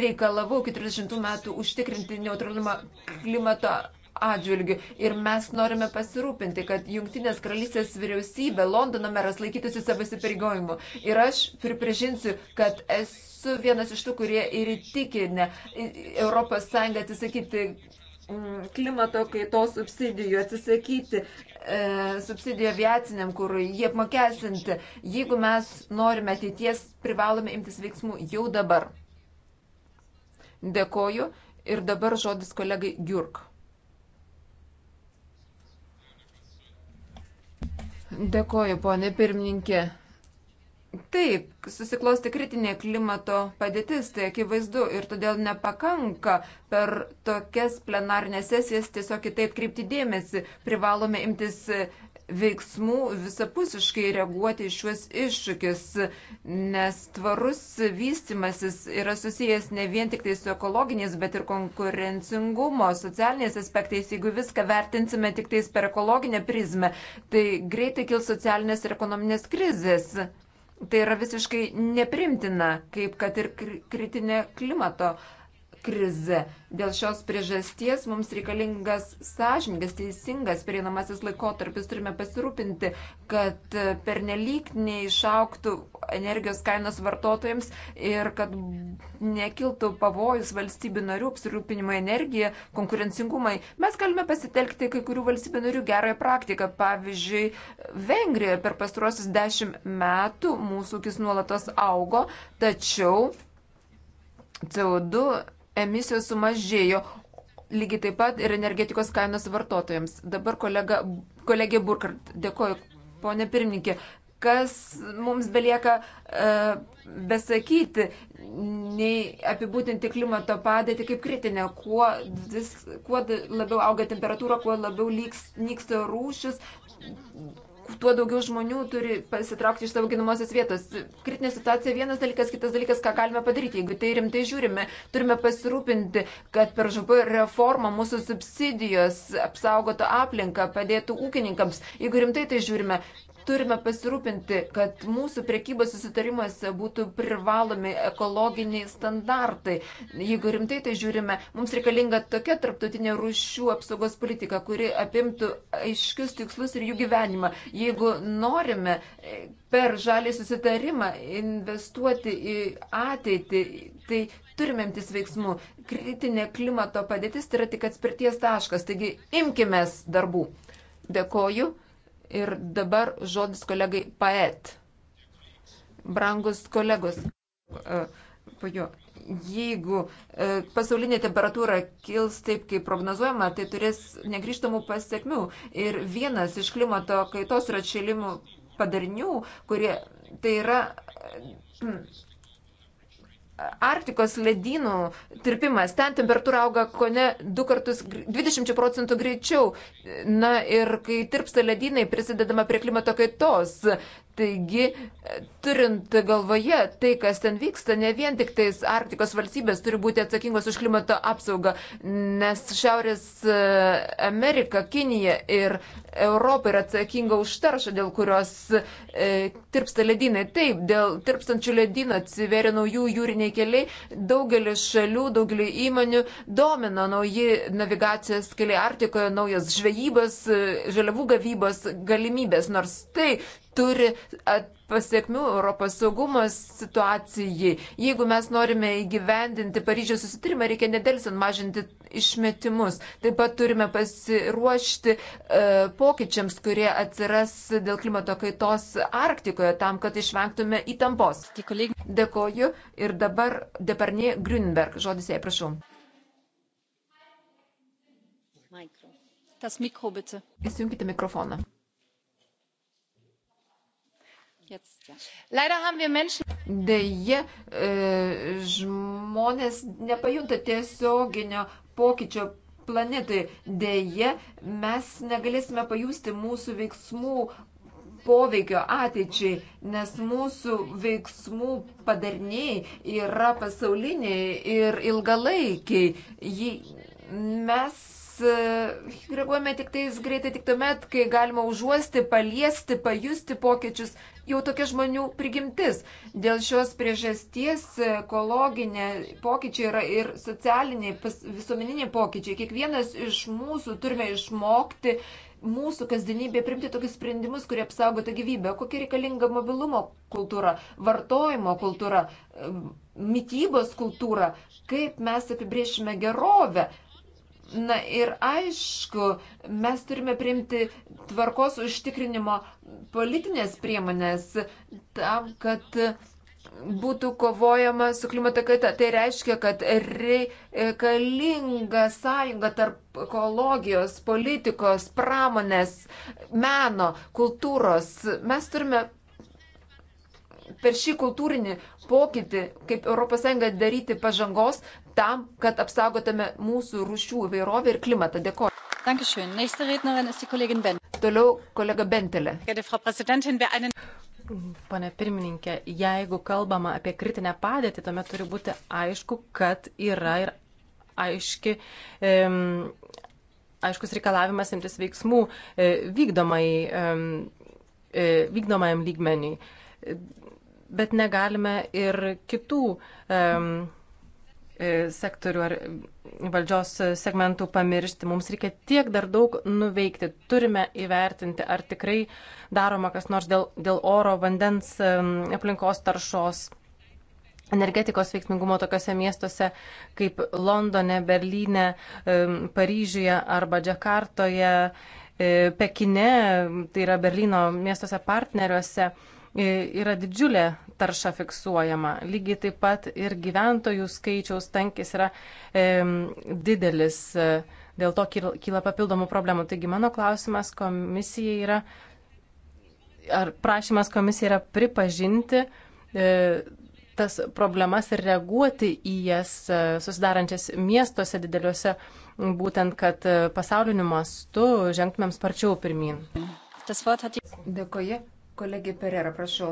reikalavau 40 metų užtikrinti neutralumą klimato atžvilgių. Ir mes norime pasirūpinti, kad Junktinės karalystės vyriausybė, Londono meras laikytųsi savo įsipareigojimų. Ir aš pripažinsiu, kad esu vienas iš tų, kurie ir įtikinę ES atsisakyti mm, klimato kaitos subsidijų, atsisakyti e, subsidijų aviaciniam kūrui, jį apmokestinti. Jeigu mes norime ateities, privalome imtis veiksmų jau dabar. Dėkoju ir dabar žodis kolegai Gjurk. Dėkoju, ponė pirmininkė. Taip, susiklosti kritinė klimato padėtis, tai akivaizdu ir todėl nepakanka per tokias plenarnės sesijas tiesiog kitaip kreipti dėmesį. Privalome imtis veiksmų visapusiškai reaguoti į šiuos iššūkius, nes tvarus vystimasis yra susijęs ne vien tik tai su ekologiniais, bet ir konkurencingumo, socialiniais aspektais. Jeigu viską vertinsime tik tais per ekologinę prizmę, tai greitai kils socialinės ir ekonominės krizės. Tai yra visiškai neprimtina, kaip kad ir kritinė klimato krize. Dėl šios priežasties mums reikalingas sąžininkas, teisingas prieinamasis laikotarpis. Turime pasirūpinti, kad pernelyg neišauktų energijos kainos vartotojams ir kad nekiltų pavojus valstybių narių apsirūpinimo energiją, konkurencingumai. Mes galime pasitelkti kai kurių valstybių narių gerąją praktiką. Pavyzdžiui, Vengrijoje per pastruosius dešimt metų mūsų ūkis nuolatos augo, tačiau CO2 emisijos sumažėjo, lygiai taip pat ir energetikos kainos vartotojams. Dabar kolega, kolegė Burkart, dėkoju, ponė pirmininkė, kas mums belieka uh, besakyti, nei apibūtinti klimato padėtį kaip kritinę, kuo, vis, kuo labiau auga temperatūra, kuo labiau lygs, nyksta rūšis, tuo daugiau žmonių turi pasitraukti iš savo ginamosios vietos. Kritinė situacija vienas dalykas, kitas dalykas, ką galime padaryti. Jeigu tai rimtai žiūrime, turime pasirūpinti, kad per župo reformą mūsų subsidijos apsaugotų aplinką, padėtų ūkininkams. Jeigu rimtai tai žiūrime, turime pasirūpinti, kad mūsų prekybos susitarimuose būtų privalomi ekologiniai standartai. Jeigu rimtai tai žiūrime, mums reikalinga tokia tarptautinė rūšių apsaugos politika, kuri apimtų aiškius tikslus ir jų gyvenimą. Jeigu norime e, per žalį susitarimą investuoti į ateitį, tai turime imtis veiksmų. Kritinė klimato padėtis tai yra tik atspirties taškas, taigi imkime darbų. Dėkoju. Ir dabar žodis kolegai Paet. Brangus kolegos. E, Jeigu e, pasaulinė temperatūra kils taip, kaip prognozuojama, tai turės negryžtamų pasiekmių. Ir vienas iš klimato kaitos ir atšilimų padarinių, kurie tai yra e, Arktikos ledynų tirpimas, ten temperatūra auga ko ne 2 kartus 20 procentų greičiau. Na ir kai tirpsta ledynai, prisidedama prie klimato kaitos. Taigi, turint galvoje tai, kas ten vyksta, ne vien tik tais Arktikos valstybės turi būti atsakingos už klimato apsaugą, nes Šiaurės e, Amerika, Kinija ir Europa yra atsakinga už taršą, dėl kurios e, tirpsta ledynai. Taip, dėl tirpstančių ledynų atsiveria naujų jūriniai keliai, daugelį šalių, daugelį įmonių domina nauji navigacijos keliai Arktikoje, naujas žvejybos, e, žaliavų gavybos galimybės, nors tai turi pasiekmių Europos saugumo situacijai. Jeigu mes norime įgyvendinti Paryžiaus susitarimą, reikia nedelsant mažinti išmetimus. Taip pat turime pasiruošti e, pokyčiams, kurie atsiras dėl klimato kaitos Arktikoje, tam, kad išvengtume įtampos. Dėkoju ir dabar Deparnie Grünberg. Žodis jai, prašau. Mikro. Mikro, Įsijunkite mikrofoną. Deja, e, žmonės nepajunta tiesioginio pokyčio planetai. Deja, mes negalėsime pajusti mūsų veiksmų poveikio ateičiai, nes mūsų veiksmų padarniai yra pasauliniai ir ilgalaikiai. Jį mes e, reaguojame tik tais greitai, tik tuomet, kai galima užuosti, paliesti, pajusti pokyčius jau tokia žmonių prigimtis. Dėl šios priežasties ekologinė pokyčiai yra ir socialiniai, visuomeniniai pokyčiai. Kiekvienas iš mūsų turime išmokti mūsų kasdienybėje primti tokius sprendimus, kurie apsaugotų gyvybę. Kokia reikalinga mobilumo kultūra, vartojimo kultūra, mytybos kultūra, kaip mes apibriešime gerovę. Na ir aišku, mes turime priimti tvarkos užtikrinimo politinės priemonės tam, kad būtų kovojama su klimato kaita. Tai reiškia, kad reikalinga sąjunga tarp ekologijos, politikos, pramonės, meno, kultūros. Mes turime per šį kultūrinį pokytį, kaip ES daryti pažangos tam, kad apsaugotume mūsų rūšių įvairovę ir klimatą. Dėkoju. Toliau kolega Bentelė. Pane pirmininkė, jeigu kalbama apie kritinę padėtį, tuomet turi būti aišku, kad yra ir aiški, e, aiškus reikalavimas imtis veiksmų e, vykdomai, e, vykdomajam lygmeniui bet negalime ir kitų um, sektorių ar valdžios segmentų pamiršti. Mums reikia tiek dar daug nuveikti. Turime įvertinti, ar tikrai daroma kas nors dėl, dėl oro, vandens, aplinkos taršos, energetikos veiksmingumo tokiuose miestuose kaip Londone, Berlyne, Paryžiuje arba Džakartoje, e, Pekine, tai yra Berlyno miestuose partneriuose E, yra didžiulė tarša fiksuojama. Lygiai taip pat ir gyventojų skaičiaus tankis yra e, didelis, dėl to kyla papildomų problemų. Taigi mano klausimas komisijai yra, ar prašymas komisijai yra pripažinti e, tas problemas ir reaguoti į jas e, susidarančias miestuose dideliuose, būtent kad e, pasauliniu mastu žengtumėm sparčiau pirmin. Dėkoju. Kolegė Perera, prašau.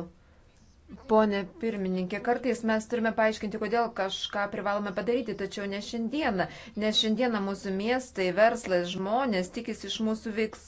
Pone pirmininkė, kartais mes turime paaiškinti, kodėl kažką privalome padaryti, tačiau ne šiandieną, nes šiandieną mūsų miestai, verslas, žmonės tikisi iš mūsų veiksmų